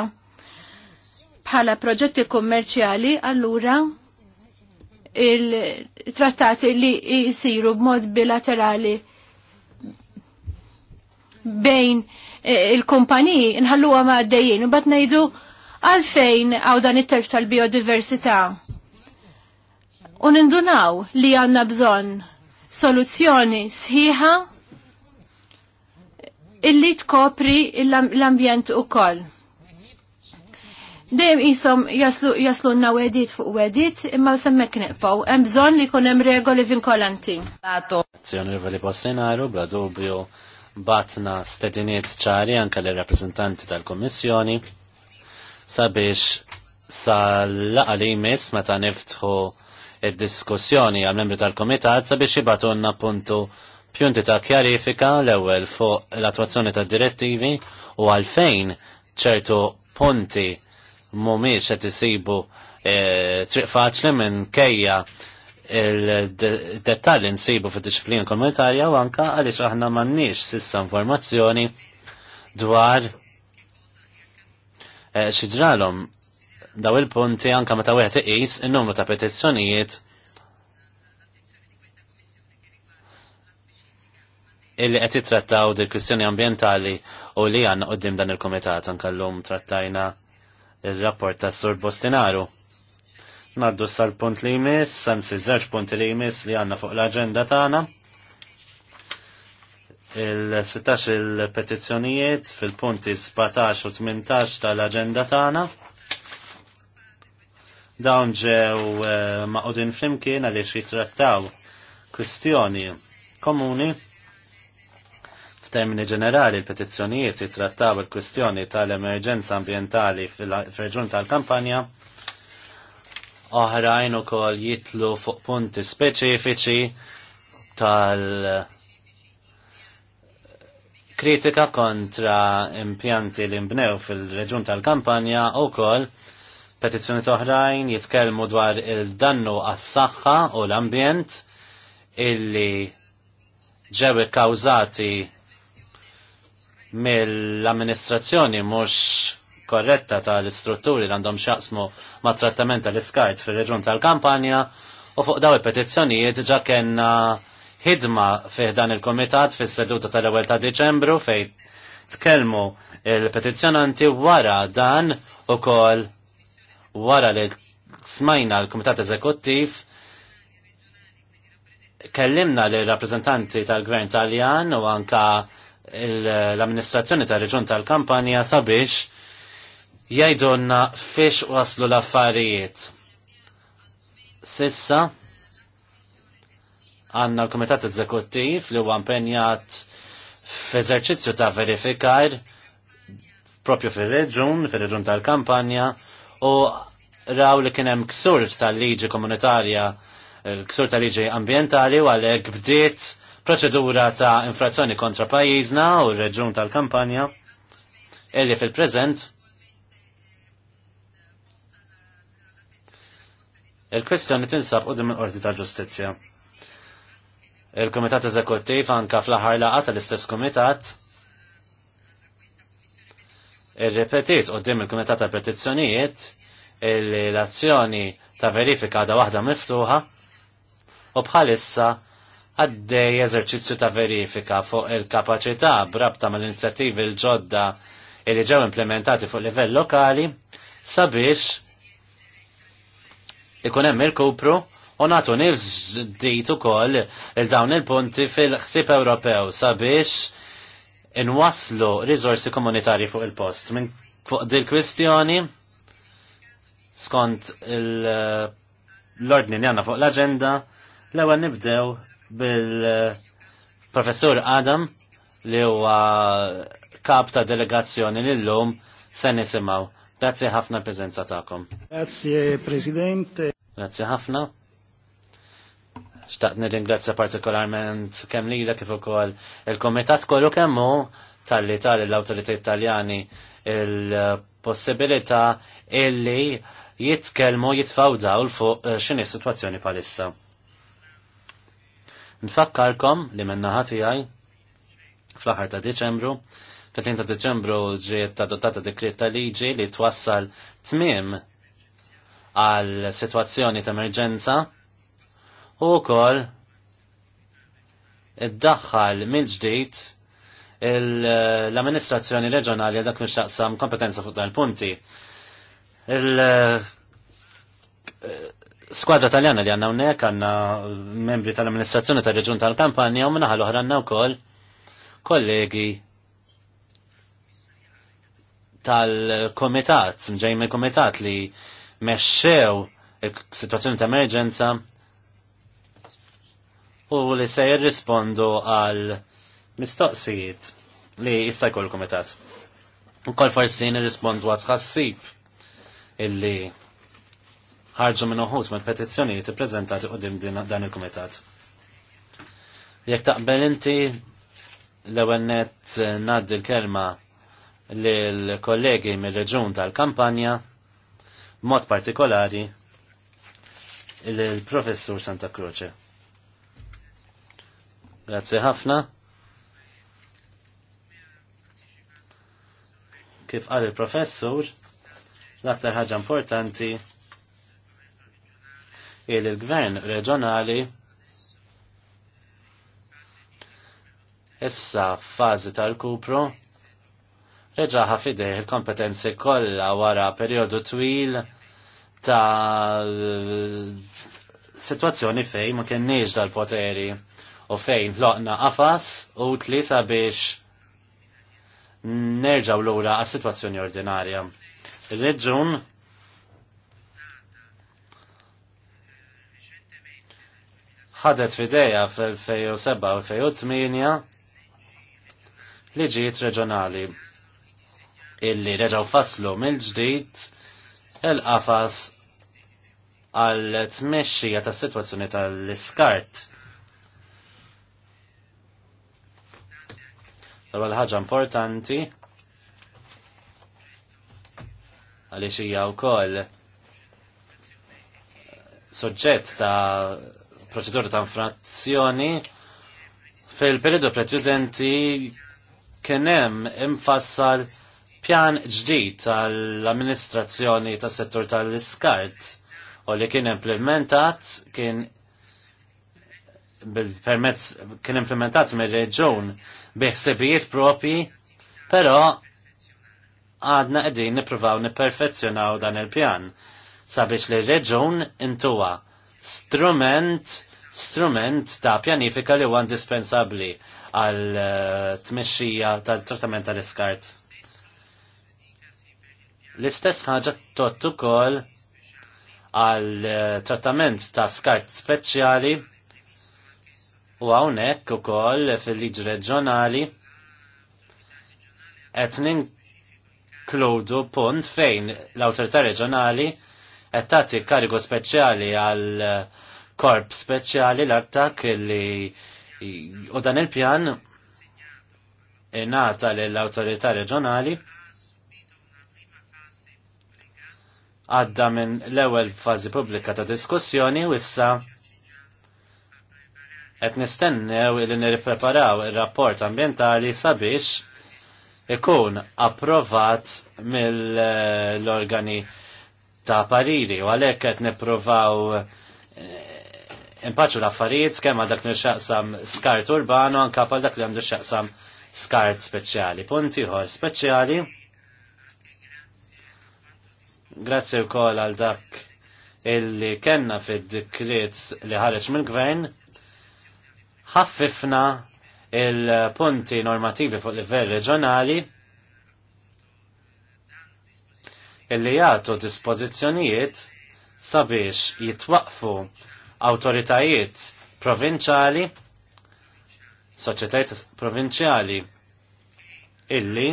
bħala proġetti kummerċjali, allura il-trattati li jisiru b'mod bilaterali bejn e, il-kumpaniji nħallu ma' għaddejjin u bat ngħidu għalfejn għaw dan it-telf tal-biodiversità. U nindunaw li għandna bżonn soluzzjoni sħiħa illi tkopri l-ambjent u koll. Dejem jisom jaslu, jaslu na wedit fuq wedit, imma semmek neqpaw. Hemm bżonn li jkun hemm regoli vinkolanti. Azzjoni rivali Bossenaru, bla dubju batna stediniet ċari anka l rappresentanti tal komissjoni sabiex sal-laqa li jmiss meta niftħu id-diskussjoni għal membri tal-Komitat sabiex jibatunna puntu pjunti ta' kjarifika l-ewwel fuq l attuazzjoni ta' direttivi u għalfejn ċertu punti mumiex qed isibu eh, triq faċli minn kejja il-dettalji nsibu fid disciplina komunitarja u anka għaliex aħna m'għandniex sissa informazzjoni dwar eh, xi ġralhom daw il-punti anka meta wieħed iqis in-numru ta' petizzjonijiet illi qed jitrattaw di kwistjoni ambientali u li għandna qudiem dan il-kumitat għankallum trattajna il-rapport ta' Sur Bostinaru. Naddu sal-punt li jmiss, si żewġ punti li jmiss li għandna fuq l-aġenda tagħna. Il-16 il-petizzjonijiet fil-punti 17 u 18 tal-aġenda tagħna. Dawn ġew eh, maqudin flimkien għaliex jitrattaw kwistjoni komuni F'termini ġenerali, l-petizzjonijiet jitrattaw il-kwistjoni tal-emerġenza ambientali fil-reġun tal-kampanja, oħrajn u kol jitlu fuq punti speċifiċi tal- kritika kontra impjanti li mbnew fil-reġun tal-kampanja u kol petizzjoni oħrajn jitkellmu dwar il-dannu għas-saħħa u l-ambjent illi ġew ikkawżati mill-amministrazzjoni mhux korretta tal-istrutturi li għandhom xaqsmu ma' trattament tal-iskart fil-reġun tal-kampanja u fuq daw il-petizzjonijiet ġa kena hidma fih dan il-komitat fis seduta tal-ewwel ta' Diċembru fej tkellmu il-petizzjonanti wara dan ukoll wara li smajna l-Kumitat Eżekuttiv kellimna l rappresentanti tal-Gvern Taljan u anka l-amministrazzjoni ta' reġun tal-kampanja sabiex jajdonna fiex waslu l-affarijiet. Sissa, għanna l-Komitat Eżekuttiv li huwa impenjat f'eżerċizzju ta' verifikar propju fir-reġun, fir-reġun tal-kampanja u raw li kien hemm ksur tal-liġi komunitarja, eh, ksur tal-liġi ambientali u għalhekk bdiet proċedura ta' infrazzjoni kontra pajjiżna u r-reġun tal-kampanja illi fil-preżent il-kwestjoni tinsab u dim il-Qorti tal-Ġustizzja. Il-Komitat Eżekuttiv anka fl-aħħar laqa tal-istess Komitat ir-repetit u dim il-Komitat tal Petizzjonijiet il-azzjoni ta' verifika ta' waħda miftuħa u bħalissa għaddej eżerċizzju ta' verifika fuq il-kapacità brabta mal inizjattivi l-ġodda li ġew implementati fuq livell lokali sabiex ikun hemm il-kupru u nagħtu nifs ġdid ukoll il dawn il-punti fil-ħsieb Ewropew sabiex inwaslu riżorsi komunitarji fuq il-post. Minn fuq dil-kwistjoni skont l-ordni li għandna fuq l-aġenda l-ewwel nibdew bil-professur Adam li huwa kap ta' delegazzjoni lillum se nisimgħu. Grazzi ħafna preżenza tagħkom. Grazie Presidente. Grazzi ħafna. Xtaqt nirringrazzja partikolarment kemm lila kif ukoll il-Komitat kollu kemm hu tal-li tal l-autorità italjani il-possibilità illi jitkelmu jitfawdaw l-fuq eh, x'inhi situazzjoni palissa. Nfakkarkom li menna ħati għaj fl-aħħar ta' Deċembru, fl ta' Deċembru ġiet dotata dekret ta' liġi li twassal tmiem għal situazzjoni ta' emerġenza u id-daħħal mill-ġdid l-amministrazzjoni reġjonali dak nixtaqsam kompetenza fuq dan il-punti skwadra taljana li għanna unnek, għanna membri tal-amministrazzjoni tal-reġun tal-kampanja u minnaħal uħra għanna u koll kollegi tal-komitat, mġej me komitat li meċċew situazzjoni ta' emerġenza u li se jirrispondu għal mistoqsijiet li jista' jkollu komitat. U kol forsi nirrispondu għazħassib illi ħarġu minn uħut li t-prezentati u dan il-kumitat. Jekk taqbel inti l-ewwel nett eh, ngħaddi l-kelma l kollegi mir-reġun tal-kampanja b'mod partikolari il-professur Santa Croce. Grazie ħafna. Kif qal il-professur, l-aktar ħaġa importanti il-gvern reġjonali issa f'fażi tal-kupru reġaħa fideh il-kompetenzi kollha wara perjodu twil ta' situazzjoni fejn ma kienniex dal-poteri u fejn loqna qafas u tlisa biex nerġaw lura għas sitwazzjoni ordinarja. Il-reġun ħadet fideja fl-2007 u 2008 liġijiet reġjonali illi reġaw faslu mill-ġdid il-qafas għal tmexxija ta' situazzjoni tal-iskart. L-ewwel ħaġa importanti għaliex hija wkoll soġġett ta' proċedura ta' infrazzjoni fil-periodu preċedenti kien hemm imfassal pjan ġdid tal-amministrazzjoni tas settur tal-iskart u li kien implementat kien permezz kien implementat mir-reġun biħsebijiet propi, però għadna qegħdin nippruvaw nipperfezzjonaw dan il-pjan sabiex li reġun intuwa strument strument ta' pjanifika li huwa indispensabbli għal eh, tmexxija tal-trattament tal-iskart. L-istess ħaġa tott ukoll għal eh, trattament ta' skart speċjali u hawnhekk ukoll fil-liġi reġjonali qed ninkludu punt fejn l-awtorità reġjonali għattati tagħti karigu speċjali għal korp speċjali l-attak li u dan il-pjan ingħata lill-awtorità reġjonali għadda minn l-ewwel fażi pubblika ta' diskussjoni u issa qed nistennew li nirpreparaw ir-rapport ambjentali sabiex ikun approvat mill-organi ta' pariri u għalhekk qed nippruvaw eh, impaċu l-affarijiet skemm għal dak li skart urbano anke għal dak li għandu xaqsam skart speċjali. punti ieħor speċjali. Grazzi wkoll għal dak illi kenna fil-dekret li ħareġ mill-gvern ħaffifna il-punti normativi fuq livell reġjonali illi jagħtu dispożizzjonijiet sabiex jitwaqfu awtoritajiet provinċjali, soċjetajiet provinċjali illi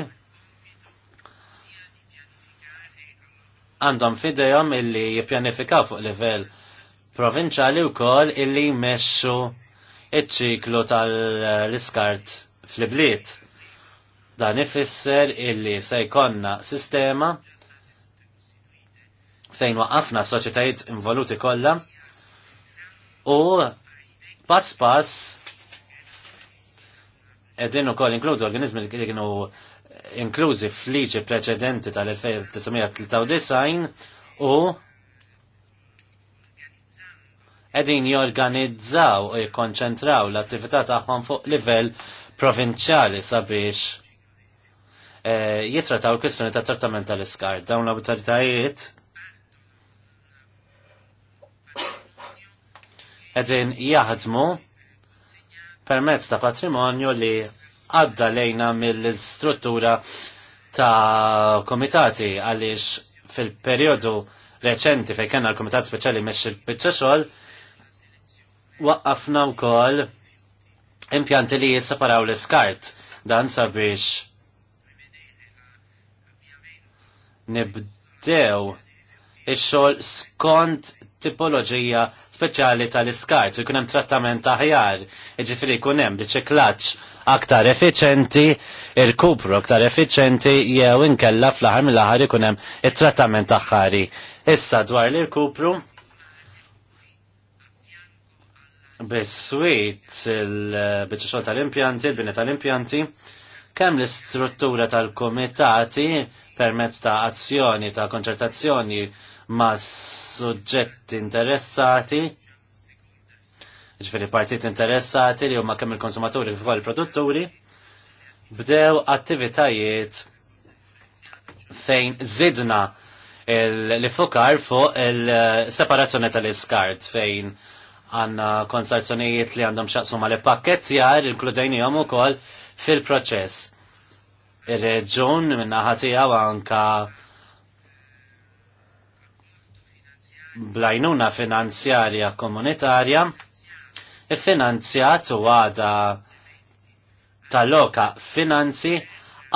għandhom fidejhom illi jippjanifikaw fuq livell provinċjali wkoll illi jmexxu iċ-ċiklu tal-iskart fl-bliet. Dan ifisser illi se jkollna sistema fejn waqafna soċjetajiet involuti kollha u pass pass edin ukoll koll inkludu organizmi li kienu inklużi fliġi preċedenti tal-1993 u edin jorganizzaw u jikonċentraw l-attività tagħhom fuq livell provinċjali sabiex eh, jitrataw l-kwistjoni ta' trattament tal-iskar. Dawn l-autoritajiet edin jaħdmu permezz ta' patrimonju li għadda lejna mill-struttura ta' komitati għaliex fil-periodu reċenti fej kena l-komitat speċjali mex il-bicċa waqqafna u kol impjanti li jisseparaw l-skart dan sabiex nibdew il-xol skont tipoloġija speċjali tal-iskart, jkun hemm trattament ta' jiġifieri jkun hemm riċiklaġġ aktar effiċenti, kupru aktar effiċenti jew inkella fl-aħħar mill ħar ikun hemm trattament ta' ħari. Issa dwar l-irkupru Bis-swit il-bicċa tal-impjanti, il-bini tal-impjanti, kemm l-istruttura tal-komitati permezz ta' azzjoni ta' konċertazzjoni ma' suġġetti interessati, ġifiri partit interessati li huma kemm il-konsumaturi kif ukoll il-produtturi, bdew attivitajiet fejn zidna li fukar fuq il-separazzjoni tal-iskart fejn għanna konsarzjonijiet li għandhom xaqsu ma li pakkettjar il-kludajni u fil-proċess. Il-reġun minna ħatijaw anka blajnuna finanzjarja komunitarja il-finanzjat u għada tal-loka finanzi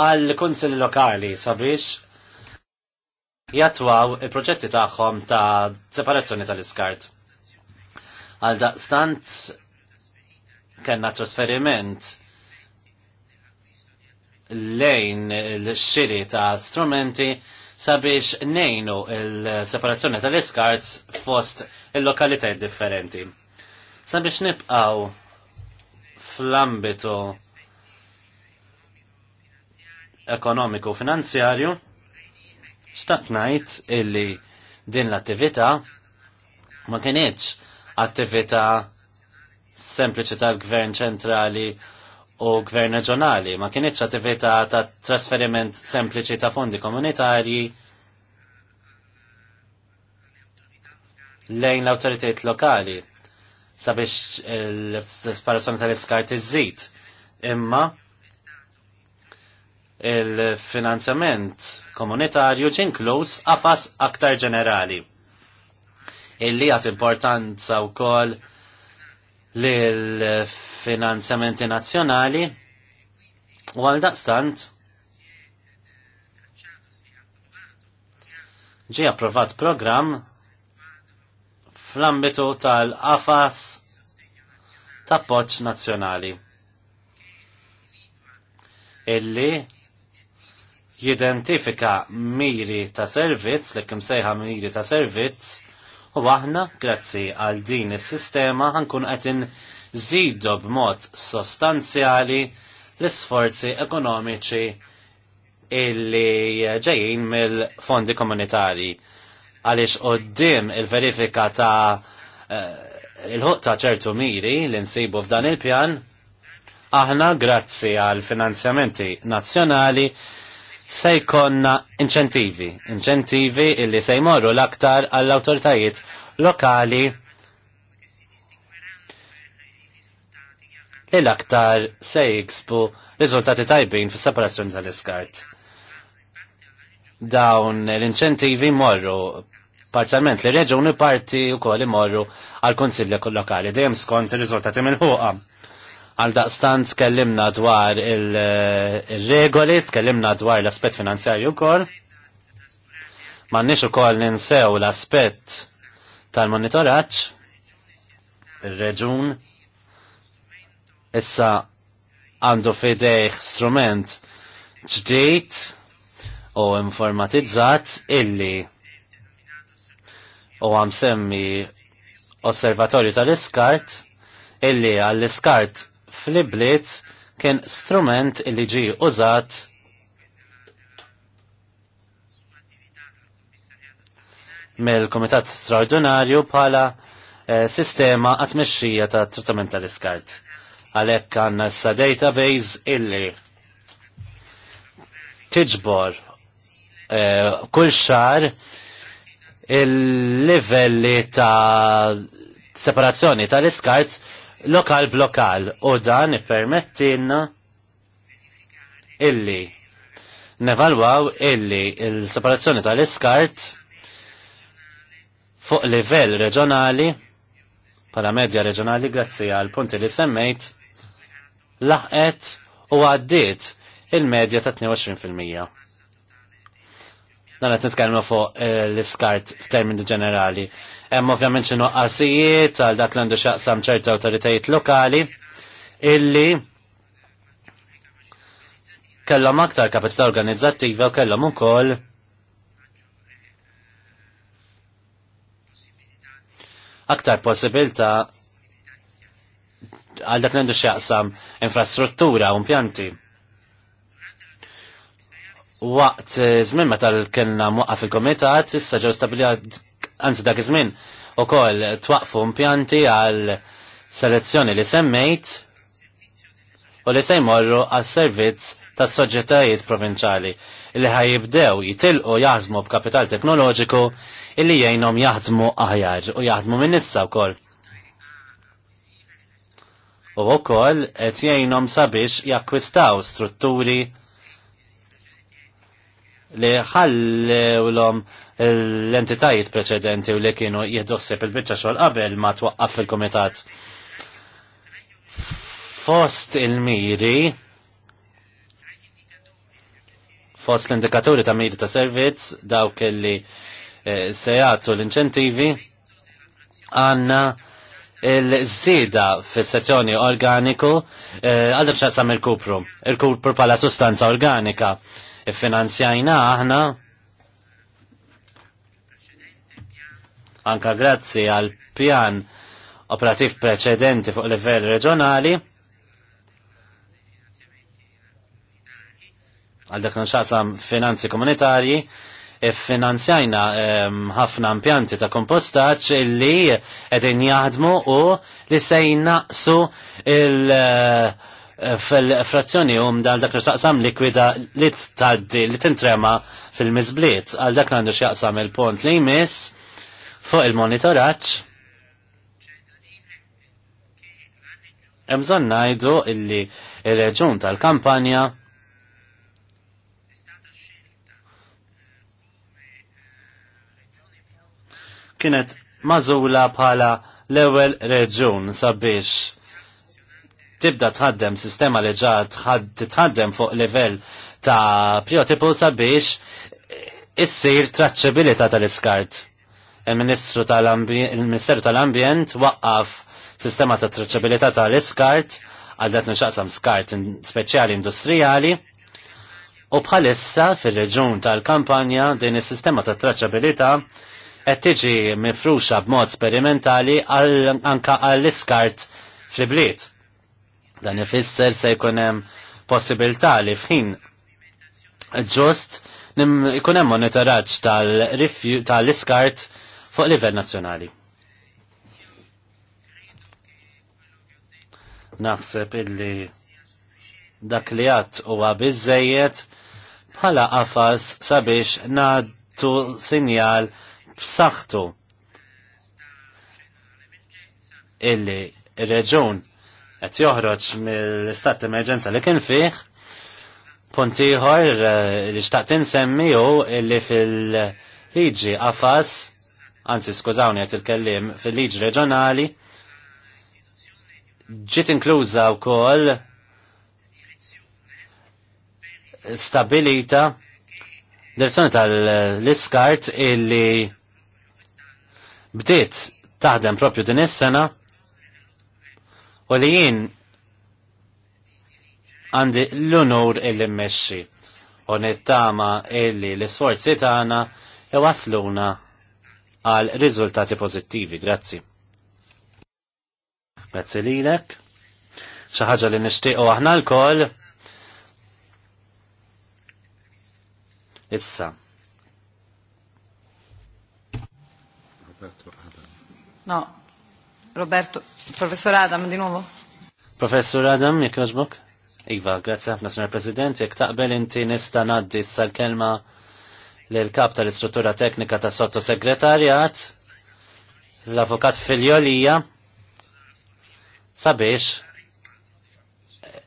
għal kunsili lokali sabiex jatwaw il-proġetti tagħhom ta' separazzjoni tal-iskart. Għal daqstant kena trasferiment lejn l-xiri ta' strumenti sabiex nejnu il-separazzjoni tal-iskarts fost il-lokalitajt differenti. Sabiex nibqaw fl-ambitu ekonomiku finanzjarju, xtaqt najt illi din l-attività ma kienieċ attività sempliċi tal-gvern ċentrali u gvern reġjonali ma kienitx attività ta' trasferiment sempliċi ta' fondi komunitarji lejn l-autoritajiet lokali sabiex il-separazzjoni tal-iskart iżżid. Imma il-finanzjament komunitarju ġinkluż għafas aktar ġenerali. Illi għat importanza u koll l-finanzjamenti nazzjonali u għal daqstant ġi approvat program fl-ambitu tal-AFAS tappoċ nazzjonali illi jidentifika miri ta' servizz, l-kim sejħa miri ta' servizz, u aħna, grazzi għal din is-sistema, ħankun qed żidu b'mod sostanzjali l-isforzi ekonomiċi illi ġejjin mill-fondi komunitari għaliex qoddim il-verifika ta' eh, il-ħuq ta' ċertu miri li nsibu f'dan il-pjan, aħna grazzi għal finanzjamenti nazzjonali se jkonna inċentivi, inċentivi illi se jmorru l-aktar għall-autoritajiet lokali li l-aktar se jiksbu riżultati tajbin fis separazzjoni tal-iskart. Dawn l-inċentivi morru parzialment li reġuni parti u koll morru għal konsilli lokali dejjem skont ir-riżultati mill-ħuqa. Għal daqstant tkellimna dwar eh, il-regoli, tkellimna dwar l-aspet finanzjarju kol. Ma nix u kol ninsew l-aspet tal-monitoraċ, il-reġun, issa għandu fidejh strument ġdijt u informatizzat illi u għamsemmi osservatorju tal-iskart illi għall-iskart fl-ibliet kien strument li ġi użat mill-Komitat Straordinarju bħala eh, sistema għatmexxija ta' trattament tal-iskart. Għalhekk għandna sa database illi tiġbor eh, kull xar il-livelli ta' separazzjoni tal-iskart lokal blokal u dan ippermettilna illi nevalwaw illi il-separazzjoni tal-iskart fuq livell reġjonali pala medja reġjonali grazzi għal punti li semmejt laħqet u għaddiet il-medja ta' 22%. Dan qed nitkellmu fuq eh, l-iskart f'termini ġenerali. Hemm ovvjament xi noqqasijiet għal dak l-għandu xaqsam ċerta awtoritajiet lokali illi kellhom aktar kapacità organizzattiva u kellhom ukoll aktar possibilità għal dak l-għandu xaqsam infrastruttura u impjanti. Waqt eh, żmien meta kellna muqqa fil-komitat, issa ġew stabilja anzi dak iż-żmien ukoll twaqfu impjanti għal selezzjoni li semmejt u li se jmorru għas servizz tas soġġetajiet provinċali li ħajibdew jitilqu jaħdmu b'kapital teknoloġiku illi jgħinhom jaħdmu aħjar u jaħdmu minn issa wkoll. U wkoll qed jgħinhom sabiex jakkwistaw strutturi li ħallewlhom l-entitajiet preċedenti u li kienu jiedossib il-bicċa xogħol qabel ma twaqqaf fil-komitat. Fost il-miri, fost l-indikaturi ta' miri ta' servizz, dawk kelli eh, sejatu l-inċentivi, għanna il zida fi sezzjoni organiku eh, għal e, xaqsam il-kupru. Il-kupru pala sustanza organika. Finanzjajna aħna anka grazzi għal pjan operativ preċedenti fuq livell reġjonali għal dak nxaqsam finanzi komunitarji finanzjajna ehm, ħafna impjanti ta' kompostaċ li edin jaħdmu u li sejna su il- eh, fil-frazzjoni um dal dak xaqsam likwida li taddi li tintrema fil-mizbliet għal dak għandu xaqsam il-pont li jmiss fuq il-monitoraġġ Emżon najdu ngħidu illi il reġun tal-kampanja kienet mażula bħala l-ewwel reġun sabiex tibda tħaddem sistema li ġa tħaddem fuq livell ta' priotipu sabiex issir traċċabilità tal-iskart il-Ministru tal-Ministeru tal-Ambjent waqqaf sistema ta' traċabilità tal-iskart għal dak nixaqsam skart speċjali industrijali u bħalissa fir-reġun tal-kampanja din is-sistema ta' traċabilità qed tiġi mifruxa b'mod sperimentali għal anka għall-iskart fl-bliet. Dan ifisser se jkun hemm possibilità li f'ħin ġust ikun hemm monitoraġġ tal-iskart fuq livell nazzjonali. Naħseb illi dak li għat huwa għabizzejiet bħala għafas sabiex nagħtu sinjal b'saħħtu illi ir-reġun qed joħroġ mill-istat emerġenza li kien fih, punt ieħor eh, li xtaqt insemmi hu illi fil-liġi qafas anzi skużawni għet il-kellim fil-liġ reġjonali, ġiet inkluża wkoll stabilita direzzjoni tal-iskart illi bdiet taħdem propju din is-sena u li jien għandi l-unur illi mmexxi u nittama illi l-isforzi tagħna iwasluna għal riżultati pożittivi. Grazzi. Grazzi lilek. Xi ħaġa li nixtiequ aħna lkoll. Issa. Roberto Adam. No. Roberto, professor Adam di nuovo. Professor Adam, jekk Iva, grazzi ħafna, Signor President, jek taqbel inti nista' naddi s sal kelma l-kap tal-istruttura teknika ta' sottosegretarjat, l-avukat filjolija, sabiex eh,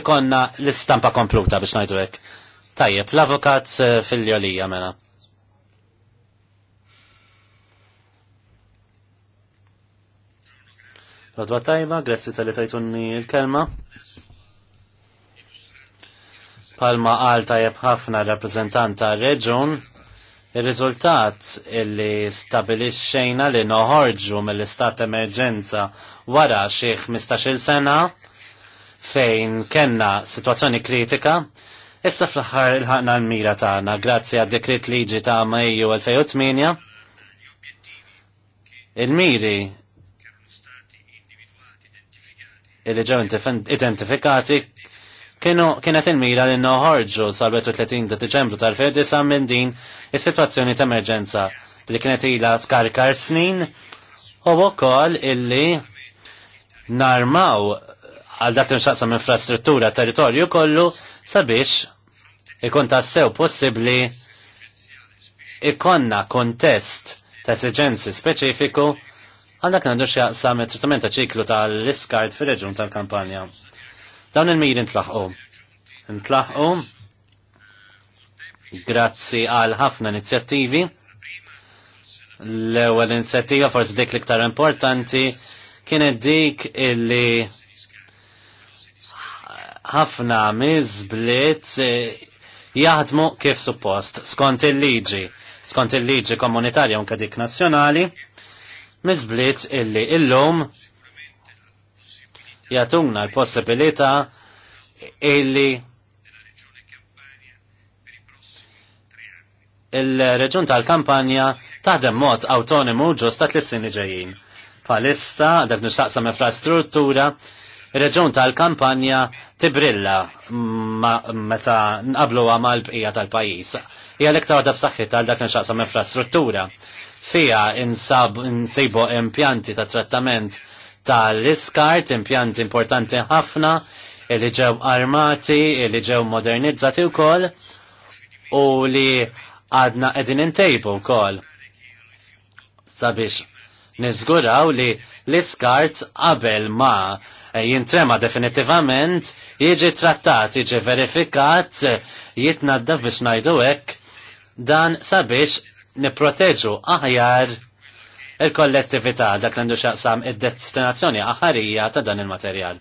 ikonna l-istampa kompluta biex najdu hekk. Tajjeb, l-avukat eh, filjolija mela. Rodwa tajba, grazzi tal-li tajtunni l-kelma. Palma qal tajjeb ħafna reġun il riżultat illi stabilixxejna li noħorġu mill-istat emerġenza wara xieħ 15-il sena fejn kenna sitwazzjoni kritika, issa fl-aħħar il ħakna l-mira tagħna grazzi għad dekret liġi ta' Mejju 2008 il-miri li ġew identifikati kienet il-mira li noħorġu sal-30 ta' Deċembru tal-2009 minn din is-sitwazzjoni ta' emerġenza li kienet ilha tkarkar snin u wkoll illi narmaw għal dak minn infrastruttura territorju kollu sabiex ikun tassew possibbli ikonna kontest ta' esigenzi speċifiku għal dak għandu xjaqsam it-trattament ta' ċiklu tal-riskard fir-reġun tal-kampanja. Dawn il-miri ntlaħqu. Ntlaħqu grazzi għal ħafna inizjattivi. L-ewwel inizjattiva forsi dik l-iktar importanti kienet dik illi ħafna miżbliet eh, jaħdmu kif suppost, skont il-liġi, skont il-liġi komunitarja unka dik nazzjonali, miżbliet illi illum jatumna l-possibilità illi il-reġun tal-kampanja taħdem mod autonomu ta' tliet sini ġejjin. Palista, dak nixtaqsam infrastruttura, il-reġun tal-kampanja tibrilla meta nqablu ma l-bqija tal-pajis. Ija l-iktar għadha b'saħħitha għal dak nixtaqsam infrastruttura. Fija insabu impjanti ta' trattament tal-iskart, impjanti importanti ħafna, li ġew armati, li ġew modernizzati wkoll u li għadna qegħdin intejbu wkoll. Sabiex niżguraw li l-iskart qabel ma jintrema definitivament jiġi trattat, jiġi verifikat, jitnaddaf biex ngħidu hekk dan sabiex niproteġu aħjar il-kollettività dak l-għandu xaqsam id-destinazzjoni aħarija ta' dan il-materjal.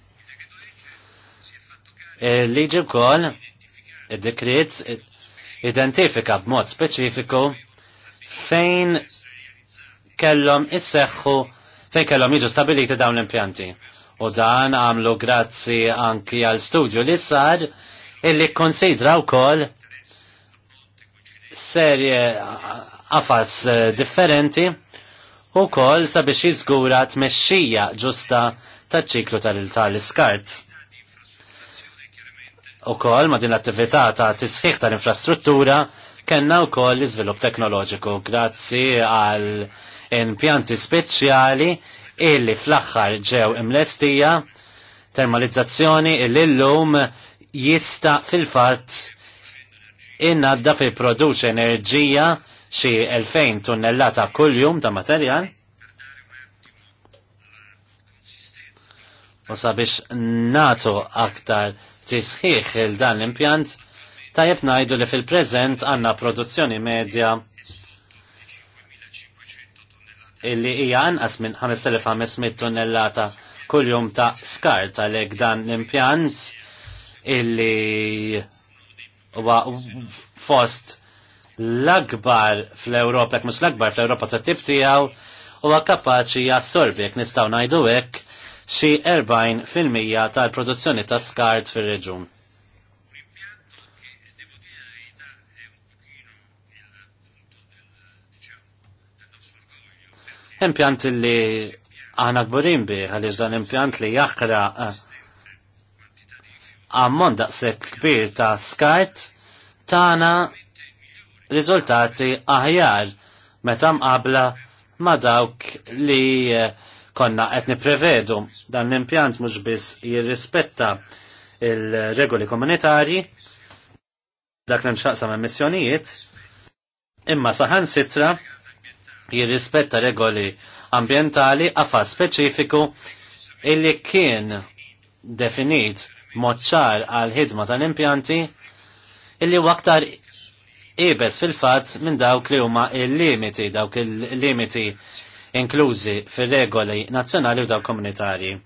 Il-liġi bkoll id-dekret identifika b'mod speċifiku fejn kellhom isseħħu fejn kellhom jiġu stabiliti dawn l-impjanti. U dan għamlu grazzi anki għal studju li sar illi konsidra wkoll serje għafas eh, differenti u kol sabiex jizgura tmexxija ġusta taċ ċiklu tal-iltar iskart U kol ma din l-attività ta' tisħiħ tal-infrastruttura kenna u kol l-izvilup teknoloġiku grazzi għal impjanti speċjali illi fl-axħar ġew imlestija termalizzazzjoni illi l-lum jista fil-fat innadda fil produċ enerġija xi 2000 tunnellata kuljum ta' materjal. U sabiex natu aktar tisħiħ il dan l-impjant, tajjeb najdu li fil-prezent għanna produzzjoni medja illi hija anqas minn 5500 tonnellata kuljum ta' skart għalhekk dan l-impjant illi huwa fost l-akbar fl-Europa, jek mux l-akbar fl-Europa ta' tip tijaw, u għakapaċi jassorbi jek nistaw najdu jek xi 40% tal-produzzjoni ta' skart fil-reġun. Impjant li għana gburin bi, għalix dan impjant li jaħkra eh, ammont daqsek kbir ta' skart tana riżultati aħjar meta mqabla ma dawk li eh, konna qed niprevedu dan l-impjant mhux biss jirrispetta il-regoli komunitarji dak li nxaqsam emissjonijiet imma saħan sitra jirrispetta regoli ambientali għafa speċifiku illi kien definit moċċar għal ħidma tal-impjanti illi waktar ibes fil-fatt minn dawk li huma il-limiti, dawk il-limiti inklużi fil-regoli nazzjonali u dawk komunitarji.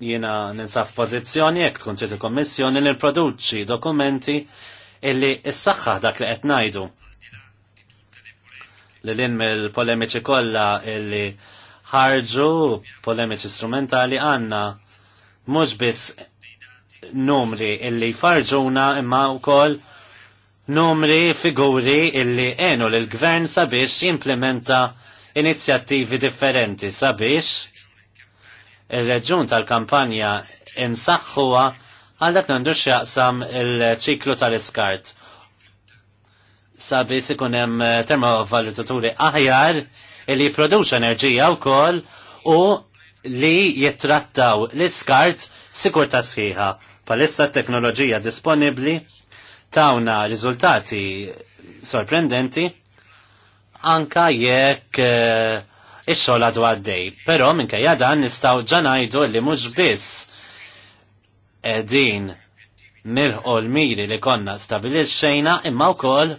Jiena ninsaf pozizjoni jekk tkun trid il-Kommissjoni li produċi dokumenti illi s-saxħa dak li qed ngħidu. Li l mill-polemiċi kollha illi ħarġu polemiċi strumentali għandna mhux biss numri illi farġuna imma wkoll numri figuri illi enu l gvern sabiex jimplementa inizjattivi differenti sabiex il-reġun tal-kampanja insaxħuwa għal nandu x'jaqsam il-ċiklu tal-iskart. Sabiex ikunem eh, termovalizzaturi aħjar illi jiproduċu enerġija u koll u li jittrattaw l-iskart sikur tasħiħa. Palissa teknoloġija disponibli tawna riżultati sorprendenti anka jekk eh, ix-xogħol għadu għaddej. Però minkejja dan nistgħu ġanajdu li mhux biss qegħdin nilħu l-miri li konna stabilit xejna imma wkoll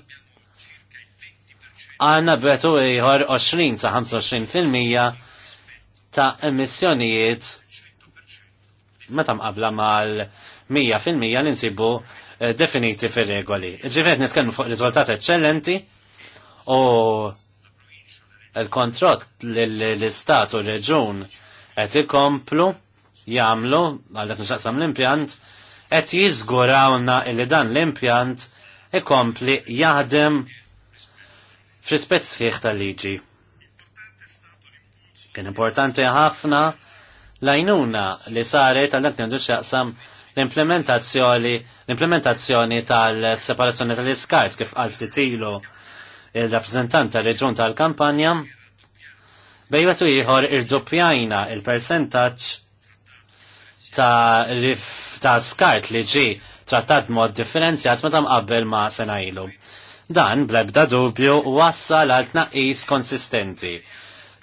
għanna betu iħor 20 sa 25% ta' emissjonijiet meta mqabla mal mija fil-mija li insibu eh, definiti fil-regoli. Ġivet nitkellmu fuq riżultat eccellenti u l-kontrott l-istat u reġun qed ikomplu jagħmlu għal dak nixaqsam l-impjant qed jiżgurawna li dan l-impjant ikompli jaħdem frispet sħiħ tal-liġi. Kien importanti ħafna lajnuna li saret għal dak xaqsam L-implementazzjoni tal-separazzjoni tal-iskajs kif għal ilu il-rappresentant tal-reġun tal-kampanja bejwetu jħor ir-dupjajna il-percentaċ ta', skart li ġi trattat mod differenzjat ma qabbel ma sena ilu. Dan, blebda dubju, wassal għal tnaqqis konsistenti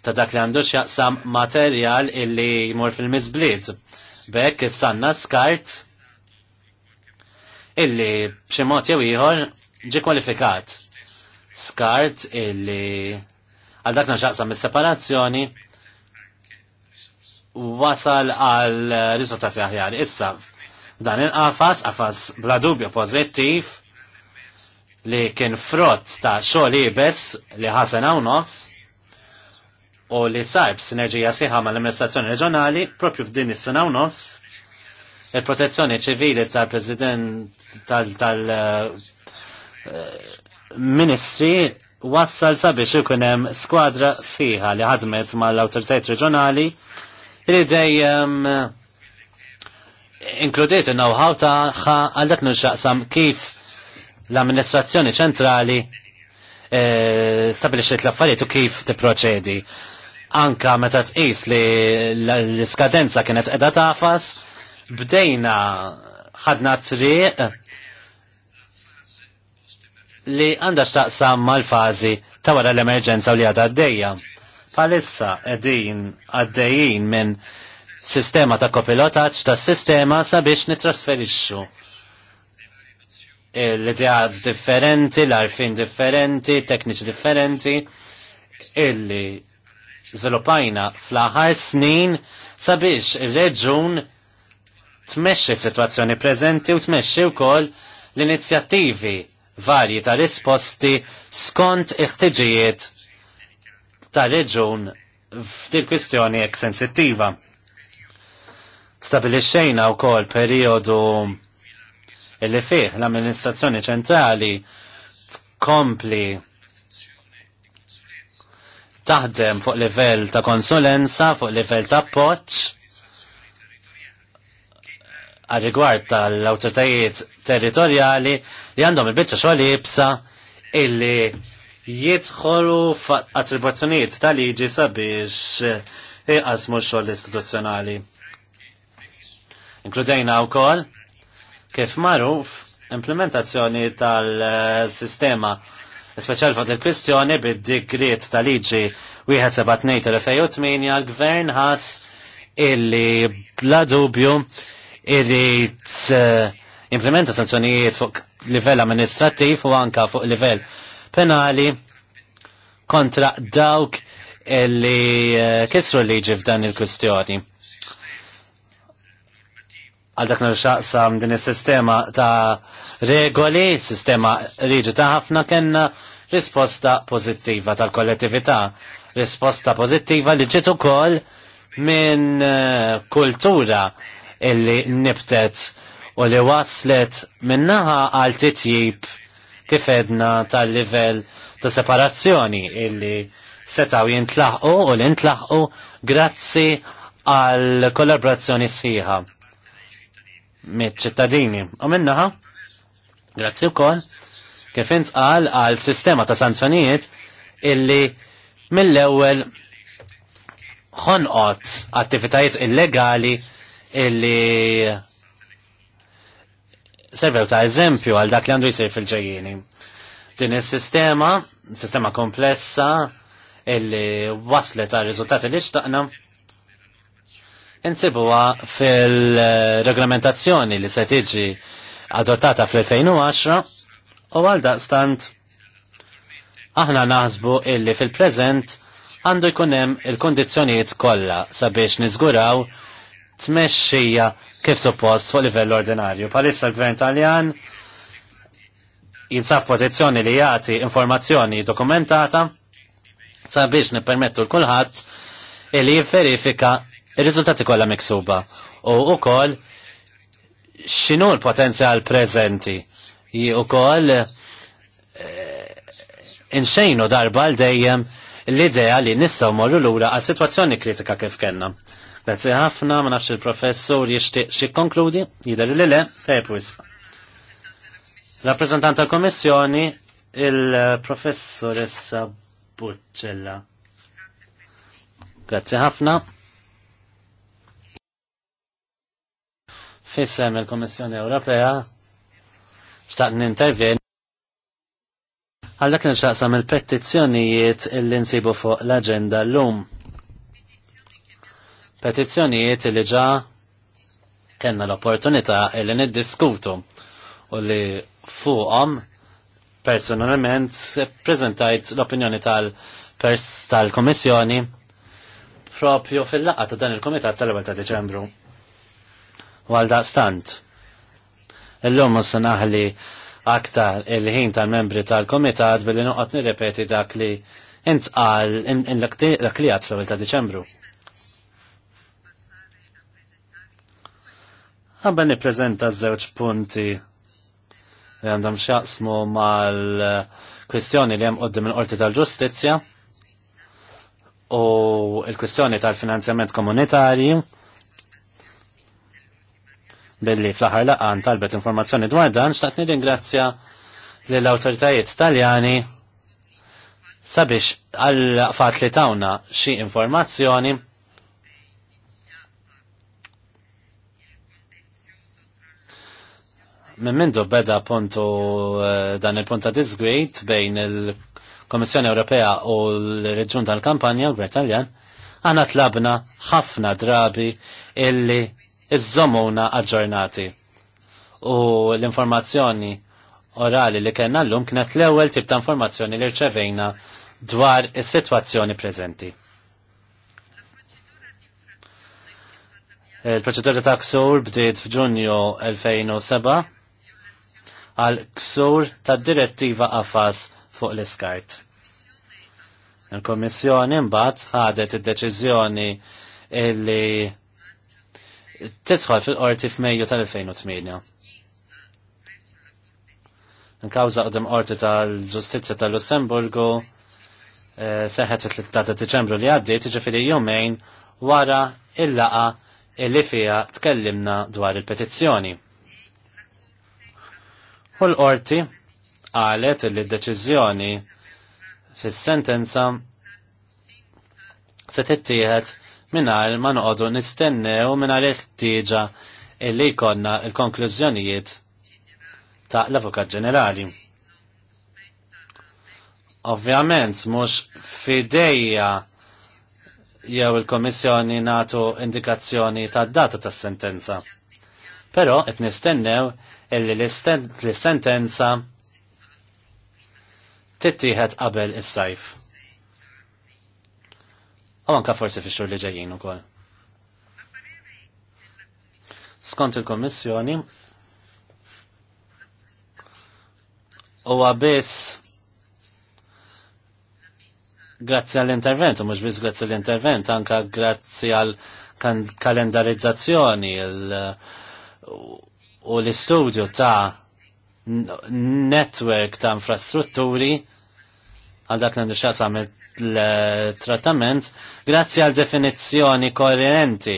ta' dak li għandu jaqsam materjal illi jmur fil-mizblid. Bekk, sanna skart illi b'ximot jew ieħor ġi kwalifikat. Skart illi għal dak naġaqsa mis-separazzjoni wasal għal riżultati aħjar. Issa, dan il-qafas, qafas bla dubju pożittiv li kien frott ta' xogħol ibes li ħasen hawn nofs u li sajb sinerġija sieħa mal-amministrazzjoni reġjonali propju f'din is-sena u nofs il-protezzjoni ċivili tal-President tal-Ministri eh, eh, wassal sabiex ikun hemm skwadra sħiħa li ħadmet mal-awtoritajiet reġjonali li dejjem inkludiet il-know-how tagħha għal dak nxaqsam kif l-amministrazzjoni ċentrali eh, stabilixiet l-affarijiet u kif tipproċedi. Anka meta tqis li l-iskadenza kienet qiegħda tafas, bdejna ħadna triq li għanda xtaqsam mal-fazi ta' wara l-emerġenza u li għadha għaddejja. Palissa qegħdin għaddejjin minn sistema ta' kopilotaġġ ta' sistema sabiex nitrasferixxu l-ideat differenti, l-arfin differenti, tekniċi differenti, illi zvilupajna fl-aħħar snin sabiex ir-reġun tmexxi situazzjoni preżenti u tmexxi wkoll l-inizjattivi varji ta' risposti skont iħtiġijiet ta' reġun f'dil kwistjoni ek sensittiva. Stabilixxejna wkoll perjodu illi fih l-amministrazzjoni ċentrali tkompli taħdem fuq livell ta' konsulenza, fuq livell ta' appoġġ għal rigward tal-autoritajiet territorjali li għandhom il-bicċa xogħol jibsa illi jidħolu attribuzzjonijiet tal-liġi sabiex eh, iqasmu xogħol istituzzjonali. Inkludejna wkoll kif maruf implementazzjoni tal-sistema speċjal fuq il-kwistjoni bid-dikriet tal-liġi wieħed 2008 għal-gvern ħass illi bla dubju irrit eh, implementa sanzjonijiet fuq livell amministrattiv u anka fuq livell penali kontra dawk illi eh, kissru liġi f'dan il-kustjoni. Għal dak xaqsam din is-sistema ta' regoli, sistema ta' ħafna kena risposta pozittiva tal-kollettività, risposta pozittiva li ġiet ukoll minn eh, kultura illi nibtet u li waslet minnaħa għal titjib kifedna tal-livell ta' separazzjoni illi setaw jintlaħqu u li jintlaħqu grazzi għal kollaborazzjoni sħiħa mit-ċittadini. U minnaħa, grazzi u kol kif intqal għal sistema ta' sanzjonijiet illi mill-ewel ħonqot attivitajiet illegali illi servew ta' eżempju għal dak li għandu jisir fil-ġejjini. Din is-sistema, sistema komplessa, illi waslet għal riżultati li xtaqna, insibuha fil-reglamentazzjoni li se tiġi adottata fl-2010 u għal daqstant aħna naħsbu illi fil-preżent għandu jkun hemm il-kondizzjonijiet kollha sabiex niżguraw tmexxija kif suppost fuq livell ordinarju. Palissa l-Gvern Taljan jinsab pozizjoni li jagħti informazzjoni dokumentata sabiex nippermettu l kulħadd li jifferifika ir-riżultati kollha miksuba u wkoll x'inhu l-potenzjal preżenti u koll eh, inxejnu darba l dejjem l-idea li nistgħu morru lura għal sitwazzjoni kritika kif kellna. Grazie ħafna, ma nafx il-professor jixtieq xie konkludi, jidher li le, tajb wisq. Rappresentant tal-Kommissjoni, il-professoressa Buccella. Grazzi ħafna. Fissem il-Kommissjoni Ewropea, xtaqt nintervjen għal dak il-petizzjonijiet il-li nsibu fuq l-agenda l-lum petizzjonijiet li ġa kena l-opportunità li niddiskutu u li fuqom personalment prezentajt l-opinjoni tal-Komissjoni tal propju fil-laqqa ta' dan il-Komitat tal-ewwel ta' Deċembru. Walda stant. Illum mus naħli aktar il-ħin tal-membri tal-Komitat billi noqgħod nirrepeti dak li intqal dak l għat fl-ewwel ta' Deċembru. Għabba prezenta żewġ punti li għandhom xaqsmu mal kwistjoni li hemm qoddim il-qorti tal-ġustizzja u il kwistjoni tal-finanzjament komunitarji. billi fl-aħħar laqan talbet informazzjoni dwar dan xtaqt nirringrazzja lill awtoritajiet taljani sabiex għal fat li tawna xi informazzjoni minn mindu beda puntu eh, dan il-punta disgwit bejn il-Komissjoni Ewropea u l-Reġun tal-Kampanja, l-Gvern għana tlabna ħafna drabi illi iż-żomuna aġġornati. U l-informazzjoni orali li kena l-lum kienet l-ewel tip ta' informazzjoni li rċevejna dwar is-sitwazzjoni preżenti. Il-proċedura ta' ksur bdiet f'Ġunju 2007 għal ksur tad direttiva għafas fuq l-iskart. Il-Komissjoni mbagħad ħadet id-deċiżjoni illi tidħol fil-qorti f'Mejju tal-2008. Inkawża qudiem qorti tal-Ġustizzja tal-Lussemburgu eh, seħet fit-3 Diċembru li għaddiet, ġifieri jumejn wara il-laqa illi fija tkellimna dwar il-petizzjoni. U l-qorti qalet li d-deċiżjoni fis-sentenza se tittieħed mingħajr ma noqogħdu nistennew mingħajr il-ħtieġa illi jkollna l-konklużjonijiet ta' l-Avukat Ġenerali. Ovvjament mhux fidejja jew il-Komissjoni natu indikazzjoni ta' data ta' sentenza. Però qed nistennew l-sentenza tittieħed qabel is-sajf. U anka forsi fi xhur li ġejjin ukoll. Skont il-Kommissjoni huwa biss grazzi għall-intervent, u mhux biss grazzi għall-intervent, anka grazzi għall kalendarizzazzjoni, u l-istudju ta' network ta' infrastrutturi għal dak nandu xasam il-trattament grazzi għal definizzjoni koerenti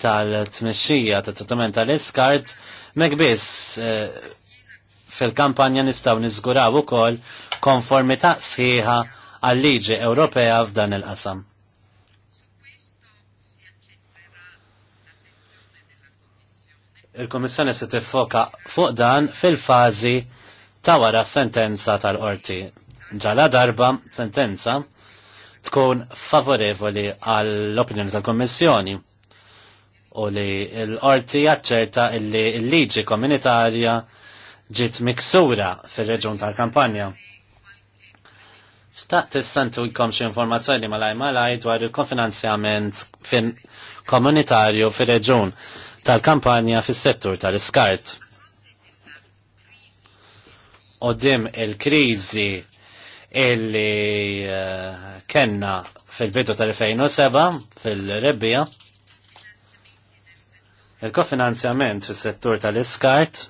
tal-tmexxija ta' trattament tal-iskart mek biss eh, fil-kampanja nistaw niżguraw ukoll konformità sħiħa għal-liġi Ewropea f'dan il-qasam. Il-Komissjoni se tiffoka fuq dan fil-fażi ta' wara sentenza tal-qorti. Ġala darba sentenza tkun favorevoli għall-opinjoni tal komissjoni u li l-qorti jaċċerta li l-liġi komunitarja ġiet miksura fil-reġun tal-kampanja. Staqt issantu jkom xie informazzjoni malaj malaj dwar il-konfinanzjament fin komunitarju fil-reġun tal-kampanja fis-settur tal-iskart. Oddim il-kriżi illi eh, kenna fil-bidu tal-2007 fil-rebbija il-kofinanzjament fis-settur tal-iskart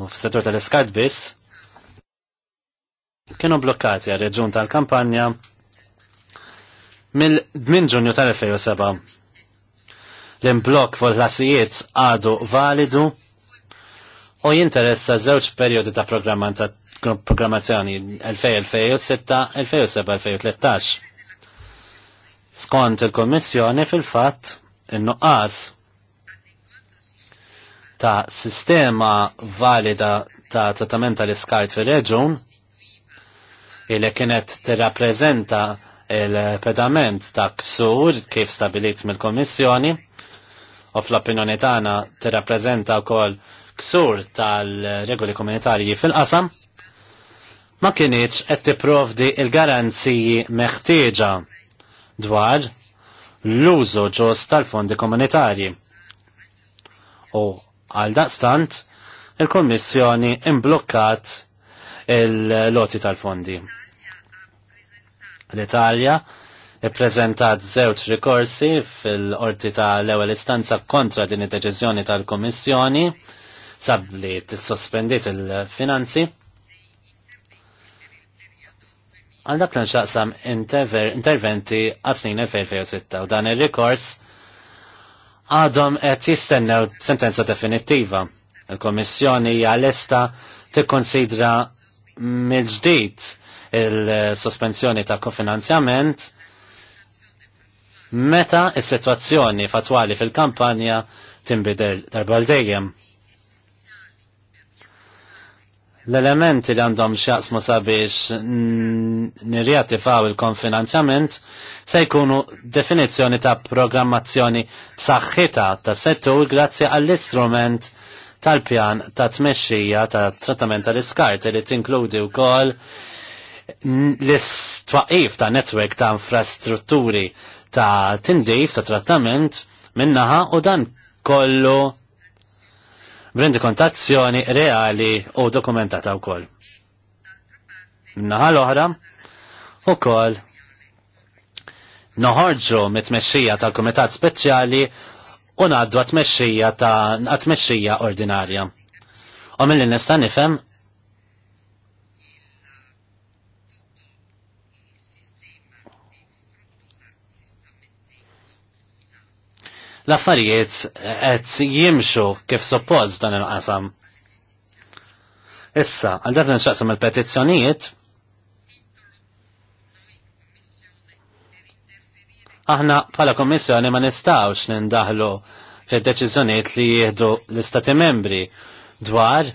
u fis-settur tal-iskart biss kienu blokkati għal reġun tal-kampanja mill-8 ġunju tal-2007 l-imblok fuq l-ħasijiet għadu validu u jinteressa żewġ periodi ta' programmazzjoni 2006-2007-2013. Skont il-Kommissjoni fil-fatt in-nuqqas ta' sistema valida ta' trattament tal-iskajt fil-reġun il kienet tirrappreżenta il-pedament ta' ksur kif stabilit mill kommissjoni u fl-opinjoni tagħna tirrappreżenta wkoll ksur tal-regoli komunitarji fil-qasam ma kienieċ qed tipprovdi il-garanziji meħtieġa dwar l-użu ġost tal-fondi komunitarji. U għal daqstant il-Kommissjoni imblokkat il-loti tal-fondi. L-Italja ippreżentat żewġ rikorsi fil-qorti ta' l-ewwel istanza kontra din id-deċiżjoni tal-Kummissjoni sabli tissospendit il-finanzi. Għal dak nxaqsam interventi għas-snin 2006 u dan ir-rikors għadhom qed jistennew sentenza definittiva. Il-Kommissjoni hija lesta tikkonsidra mill-ġdid il-sospensjoni ta' kofinanzjament meta is-sitwazzjoni fatwali fil-kampanja timbidel darba dejjem L-elementi li għandhom xaqsmu sabiex nirjati faw il-konfinanzjament se jkunu definizzjoni ta' programmazzjoni b'saħħita ta' settur grazzi għall-istrument tal-pjan ta' tmexxija ta' trattament tal-iskart li tinkludi wkoll l-istwaqif ta' netwerk ta' infrastrutturi ta' tindif, ta' trattament minnaħa u dan kollu brendi kontazzjoni reali u dokumentata u koll. Minnaħa l-oħra u koll noħorġu mit tal-Komitat Speċjali u naddu għat ta' għat ordinarja. U mill-li nista' nifhem l-affarijiet qed jimxu kif suppost dan il-qasam. Issa, għal nċaqsam il-petizzjonijiet, aħna bħala Kommissjoni ma nistawx nindaħlu fid-deċiżjonijiet li jieħdu l-Istati membri dwar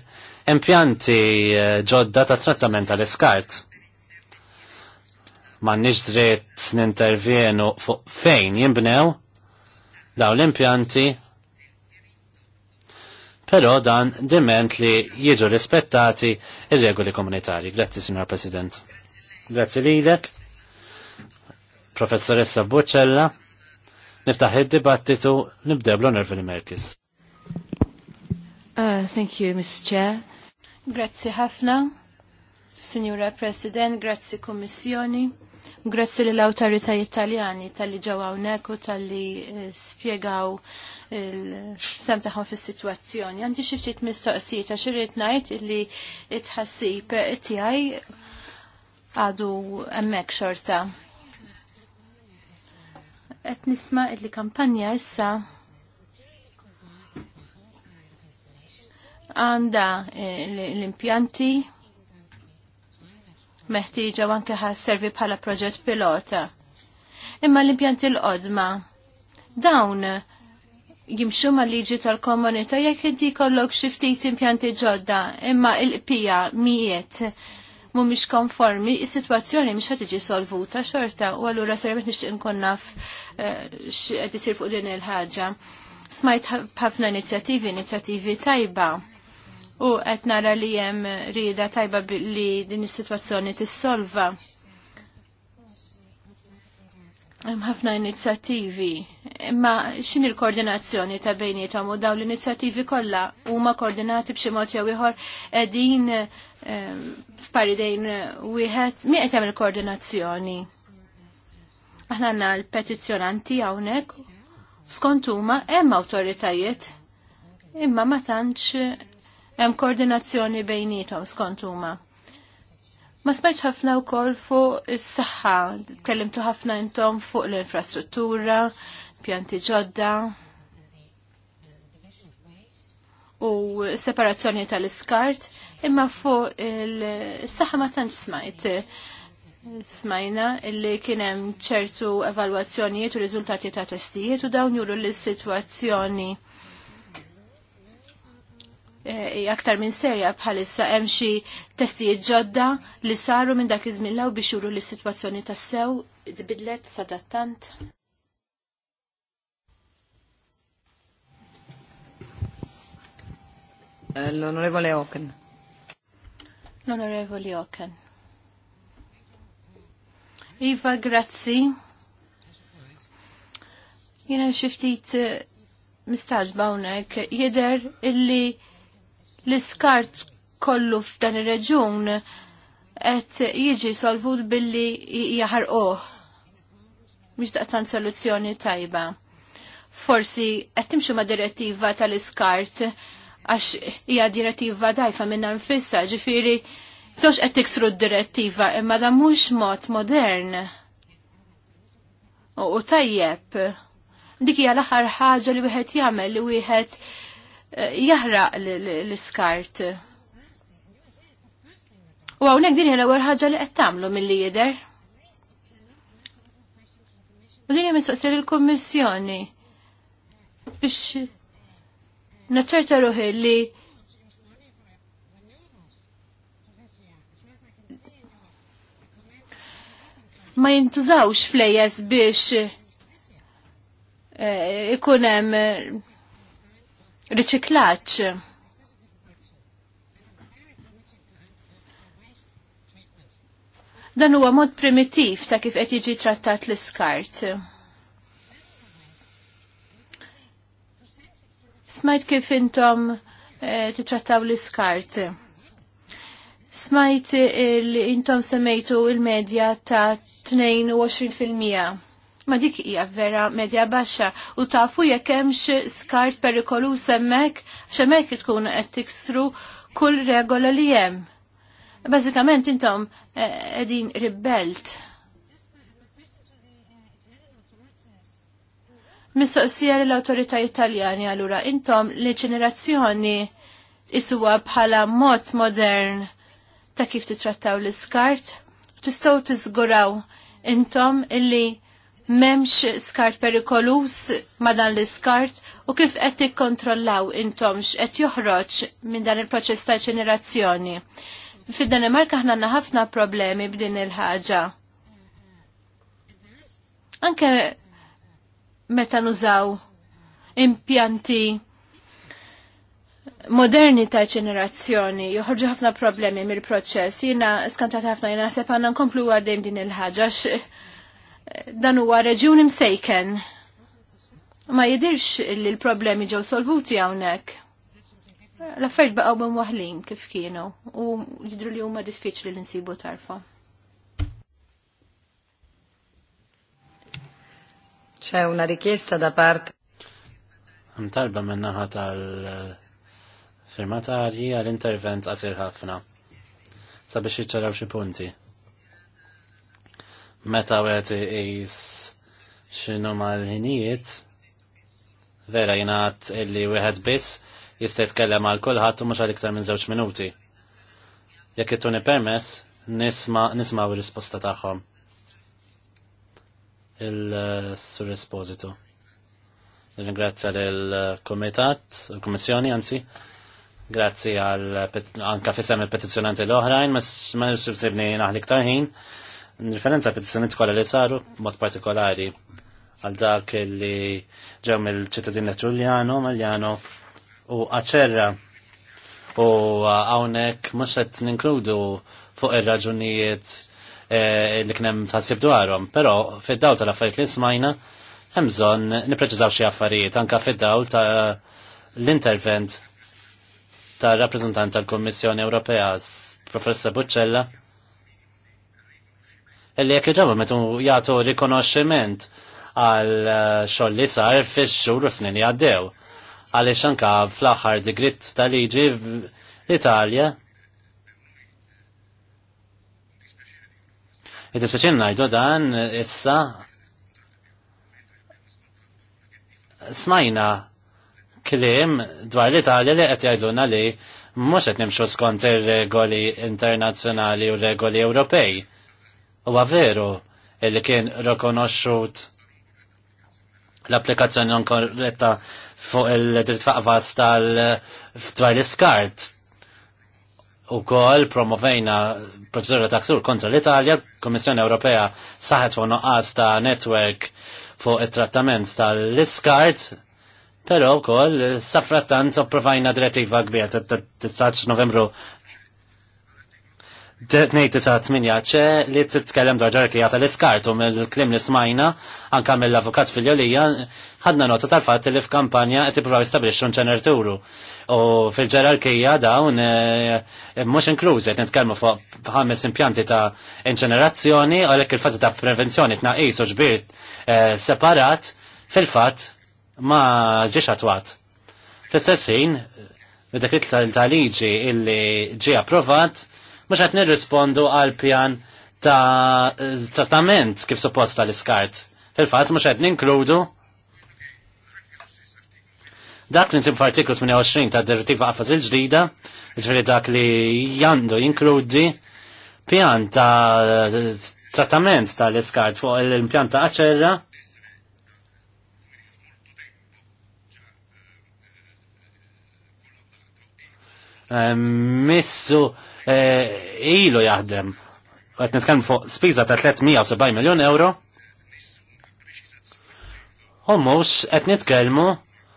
impjanti eh, ġodda ta' trattament tal-iskart ma nix dritt nintervjenu fuq fejn jimbnew daw l-impjanti pero dan diment li jiġu rispettati il-regoli komunitari. Grazzi, Signor President. Grazzi lilek, Professoressa Buccella, niftaħ id-dibattitu nibdeblu l Merkis. Uh, thank you, Mr. Chair. Grazzi ħafna, Signora President, grazie, Kommissjoni. Grazzi l awtoritajiet italjani tal-li ġawaw neku tal-li eh, spiegaw il fi tagħhom fis-sitwazzjoni. Għandi xi ftit mistoqsijiet għax irid ngħid illi it-tijaj għadu emmek xorta. Et nisma' illi kampanja issa għanda eh, l-impjanti meħtieġa u anke ħasservi bħala proġett pilota. Imma l-impjanti l-qodma dawn jimxu ma liġi tal-komunità jekk inti jkollok xi ftit impjanti ġodda imma il-qpija mijiet mhumiex konformi, il sitwazzjoni mhux qed tiġi solvuta xorta u allura sermet nixtieq inkun naf eh, x'qed isir fuq din il-ħaġa. Smajt ħafna inizjattivi, inizjattivi tajba u qed nara li hemm rieda tajba li din is-sitwazzjoni tissolva. Hemm ħafna inizjattivi, imma x'in il-koordinazzjoni ta' bejnietom u dawn l-inizjattivi kollha huma koordinati b'xi mod jew ieħor qegħdin ehm, f'paridejn wieħed min qed jagħmel koordinazzjoni. Aħna għandna l-petizzjonanti hawnhekk skont huma hemm awtoritajiet imma ma tantx hemm koordinazzjoni bejnietom skont huma. Ma smajtx ħafna wkoll fuq is-saħħa, tkellimtu ħafna intom fuq l-infrastruttura, pjanti ġodda u separazzjoni tal-iskart, imma fuq il-saħħa ma tantx smajt smajna illi kienem ċertu evalwazzjonijiet u riżultati ta' testijiet u dawn juru l situazzjoni Eh, aktar minn serja bħalissa hemm xi testijiet ġodda li saru minn dak iż-żmien biex juru li s-sitwazzjoni tassew tbidlet sadattant. Eh, L-Onorevole Oken. L-Onorevole Oken. Iva, grazzi. Jena xiftit eh, mistaġba unek, jider illi l-iskart kollu f'dan ir-reġun qed jiġi solvut billi jaħarquh. Mhux daqstant soluzzjoni tajba. Forsi qed timxu ma' direttiva tal-iskart għax hija direttiva dajfa minna nfissa, ġifieri tox qed tiksru d-direttiva imma da mhux mod modern. U tajjeb. Dik hija l-aħħar ħaġa li wieħed jagħmel li wieħed jahra l skart U għaw din l-ewwel li qed tagħmlu li jider. U din hemm mistoqsir il kommissjoni biex naċċerta ruħi li ma jintużawx flejes biex eh, ikunem hemm riċiklaċ. Dan huwa mod primitiv ta' kif qed jiġi trattat l-iskart. Smajt kif intom e, titrattaw l-iskart. Smajt il-intom semmejtu il-medja ta' 22% ma dik hija vera medja baxxa u tafu jekk hemmx skart perikolus hemmhekk x'hemmhekk tkun qed tiksru kull regola li hemm. Bażikament intom eh, qegħdin ribbelt. Mistoqsija l awtorità Italjani allura intom li ġenerazzjoni isuwa bħala mod modern ta' kif titrattaw l-iskart, tistgħu tiżguraw intom illi memx skart perikolus ma dan l-skart u kif qed kontrollaw intomx qed joħroġ minn dan il-proċess ta' ċenerazzjoni. Fid-Danimarka ħna għandna ħafna problemi b'din il-ħaġa. Anke meta nużaw impjanti moderni ta' ċenerazzjoni joħorġu ħafna problemi mill-proċess. Jina skantata ħafna jina sepp għandna nkomplu għaddejn din il-ħaġa dan huwa reġjun msejken. Ma jidirx li l-problemi ġew solvuti hawnhekk. L-affarijiet baqgħu minn waħlin kif kienu u jidru li huma diffiċli li nsibu tarfa. C'è una richiesta da parte Mtalba minnaħa tal-firmatarji għal-intervent għasir ħafna sabiex jiċċaraw xi punti meta għet jis xinu mal-ħinijiet, vera jinaħt illi wieħed biss jista' kellem għal kulħadd u mhux għal iktar minn żewġ minuti. Jekk jittuni permess, nisma' nisma' risposta tagħhom. Il-sur espositu. Ringrazzja lill-Kumitat, il-Kummissjoni anzi, grazzi għal anka fissem il-petizjonanti l-oħrajn, ma s-sibni naħli ktar ħin, N-referenza petizzjoniet kolla li saru, mod partikolari għal dak li ġew mill-ċittadin Ġuljano, Maljano u Aċerra. U hawnhekk mhux qed ninkludu fuq ir-raġunijiet eh, li knem tħassib dwarhom, però fid-dawl tal-affarijiet li smajna hemm bżonn xie xi affarijiet anke fid-dawl ta' l-intervent tar rappreżentant tal-Kummissjoni Ewropea Professor Buccella illi jekk iġabu metu jagħtu rikonoxximent għal eh, xogħol li sar fix-xhur u snin jgħaddew. Għaliex anka fl-aħħar digrit tal-liġi l-Italja Id-dispeċin najdu dan issa smajna klim dwar l-Italja li qed jgħidulna li mhux qed nimxu skont ir-regoli internazzjonali u regoli Ewropej. Huwa veru illi kien rikonoxxut l-applikazzjoni non korretta fuq il-dritt faqvas tal-dwar l-iskart u kol promovejna proċedura ta' ksur kontra l-Italja, Komissjoni Ewropea saħet fuq noqqas ta' netwerk fuq it-trattament tal-iskart, pero kol saffrattant u provajna direttiva kbira t 19 novembru tminja ċe li t-tkellem dwar ġarkija tal-iskartu mill-klim li smajna anka mill-avukat fil-jolija ħadna nota tal-fat li f'kampanja qed ippruvaw jistabrixxu ċenerturu. U fil-ġerarkija dawn eh, mhux inklużi qed nitkellmu fuq ħames impjanti ta' inċenerazzjoni u għalhekk il-fażi ta' prevenzjoni tnaqis u ġbir eh, separat fil-fatt ma ġiex attwat. Fl-istess ħin, dak li tal-liġi illi ġie approvat, mhux qed nirrispondu għal pjan ta' trattament kif supposta l-iskart. Fil-fatt mhux qed ninkludu dak li nsib f'artiklu 28 ta' direttiva qafas il-ġdida, ġveri dak li jandu jinkludi pjan ta' trattament tal-iskart fuq l-impjant ta' aċerra. Missu Eh, ilu jaħdem. Għet nitkellem fuq spiża ta' 370 miljon euro. U għet nitkellmu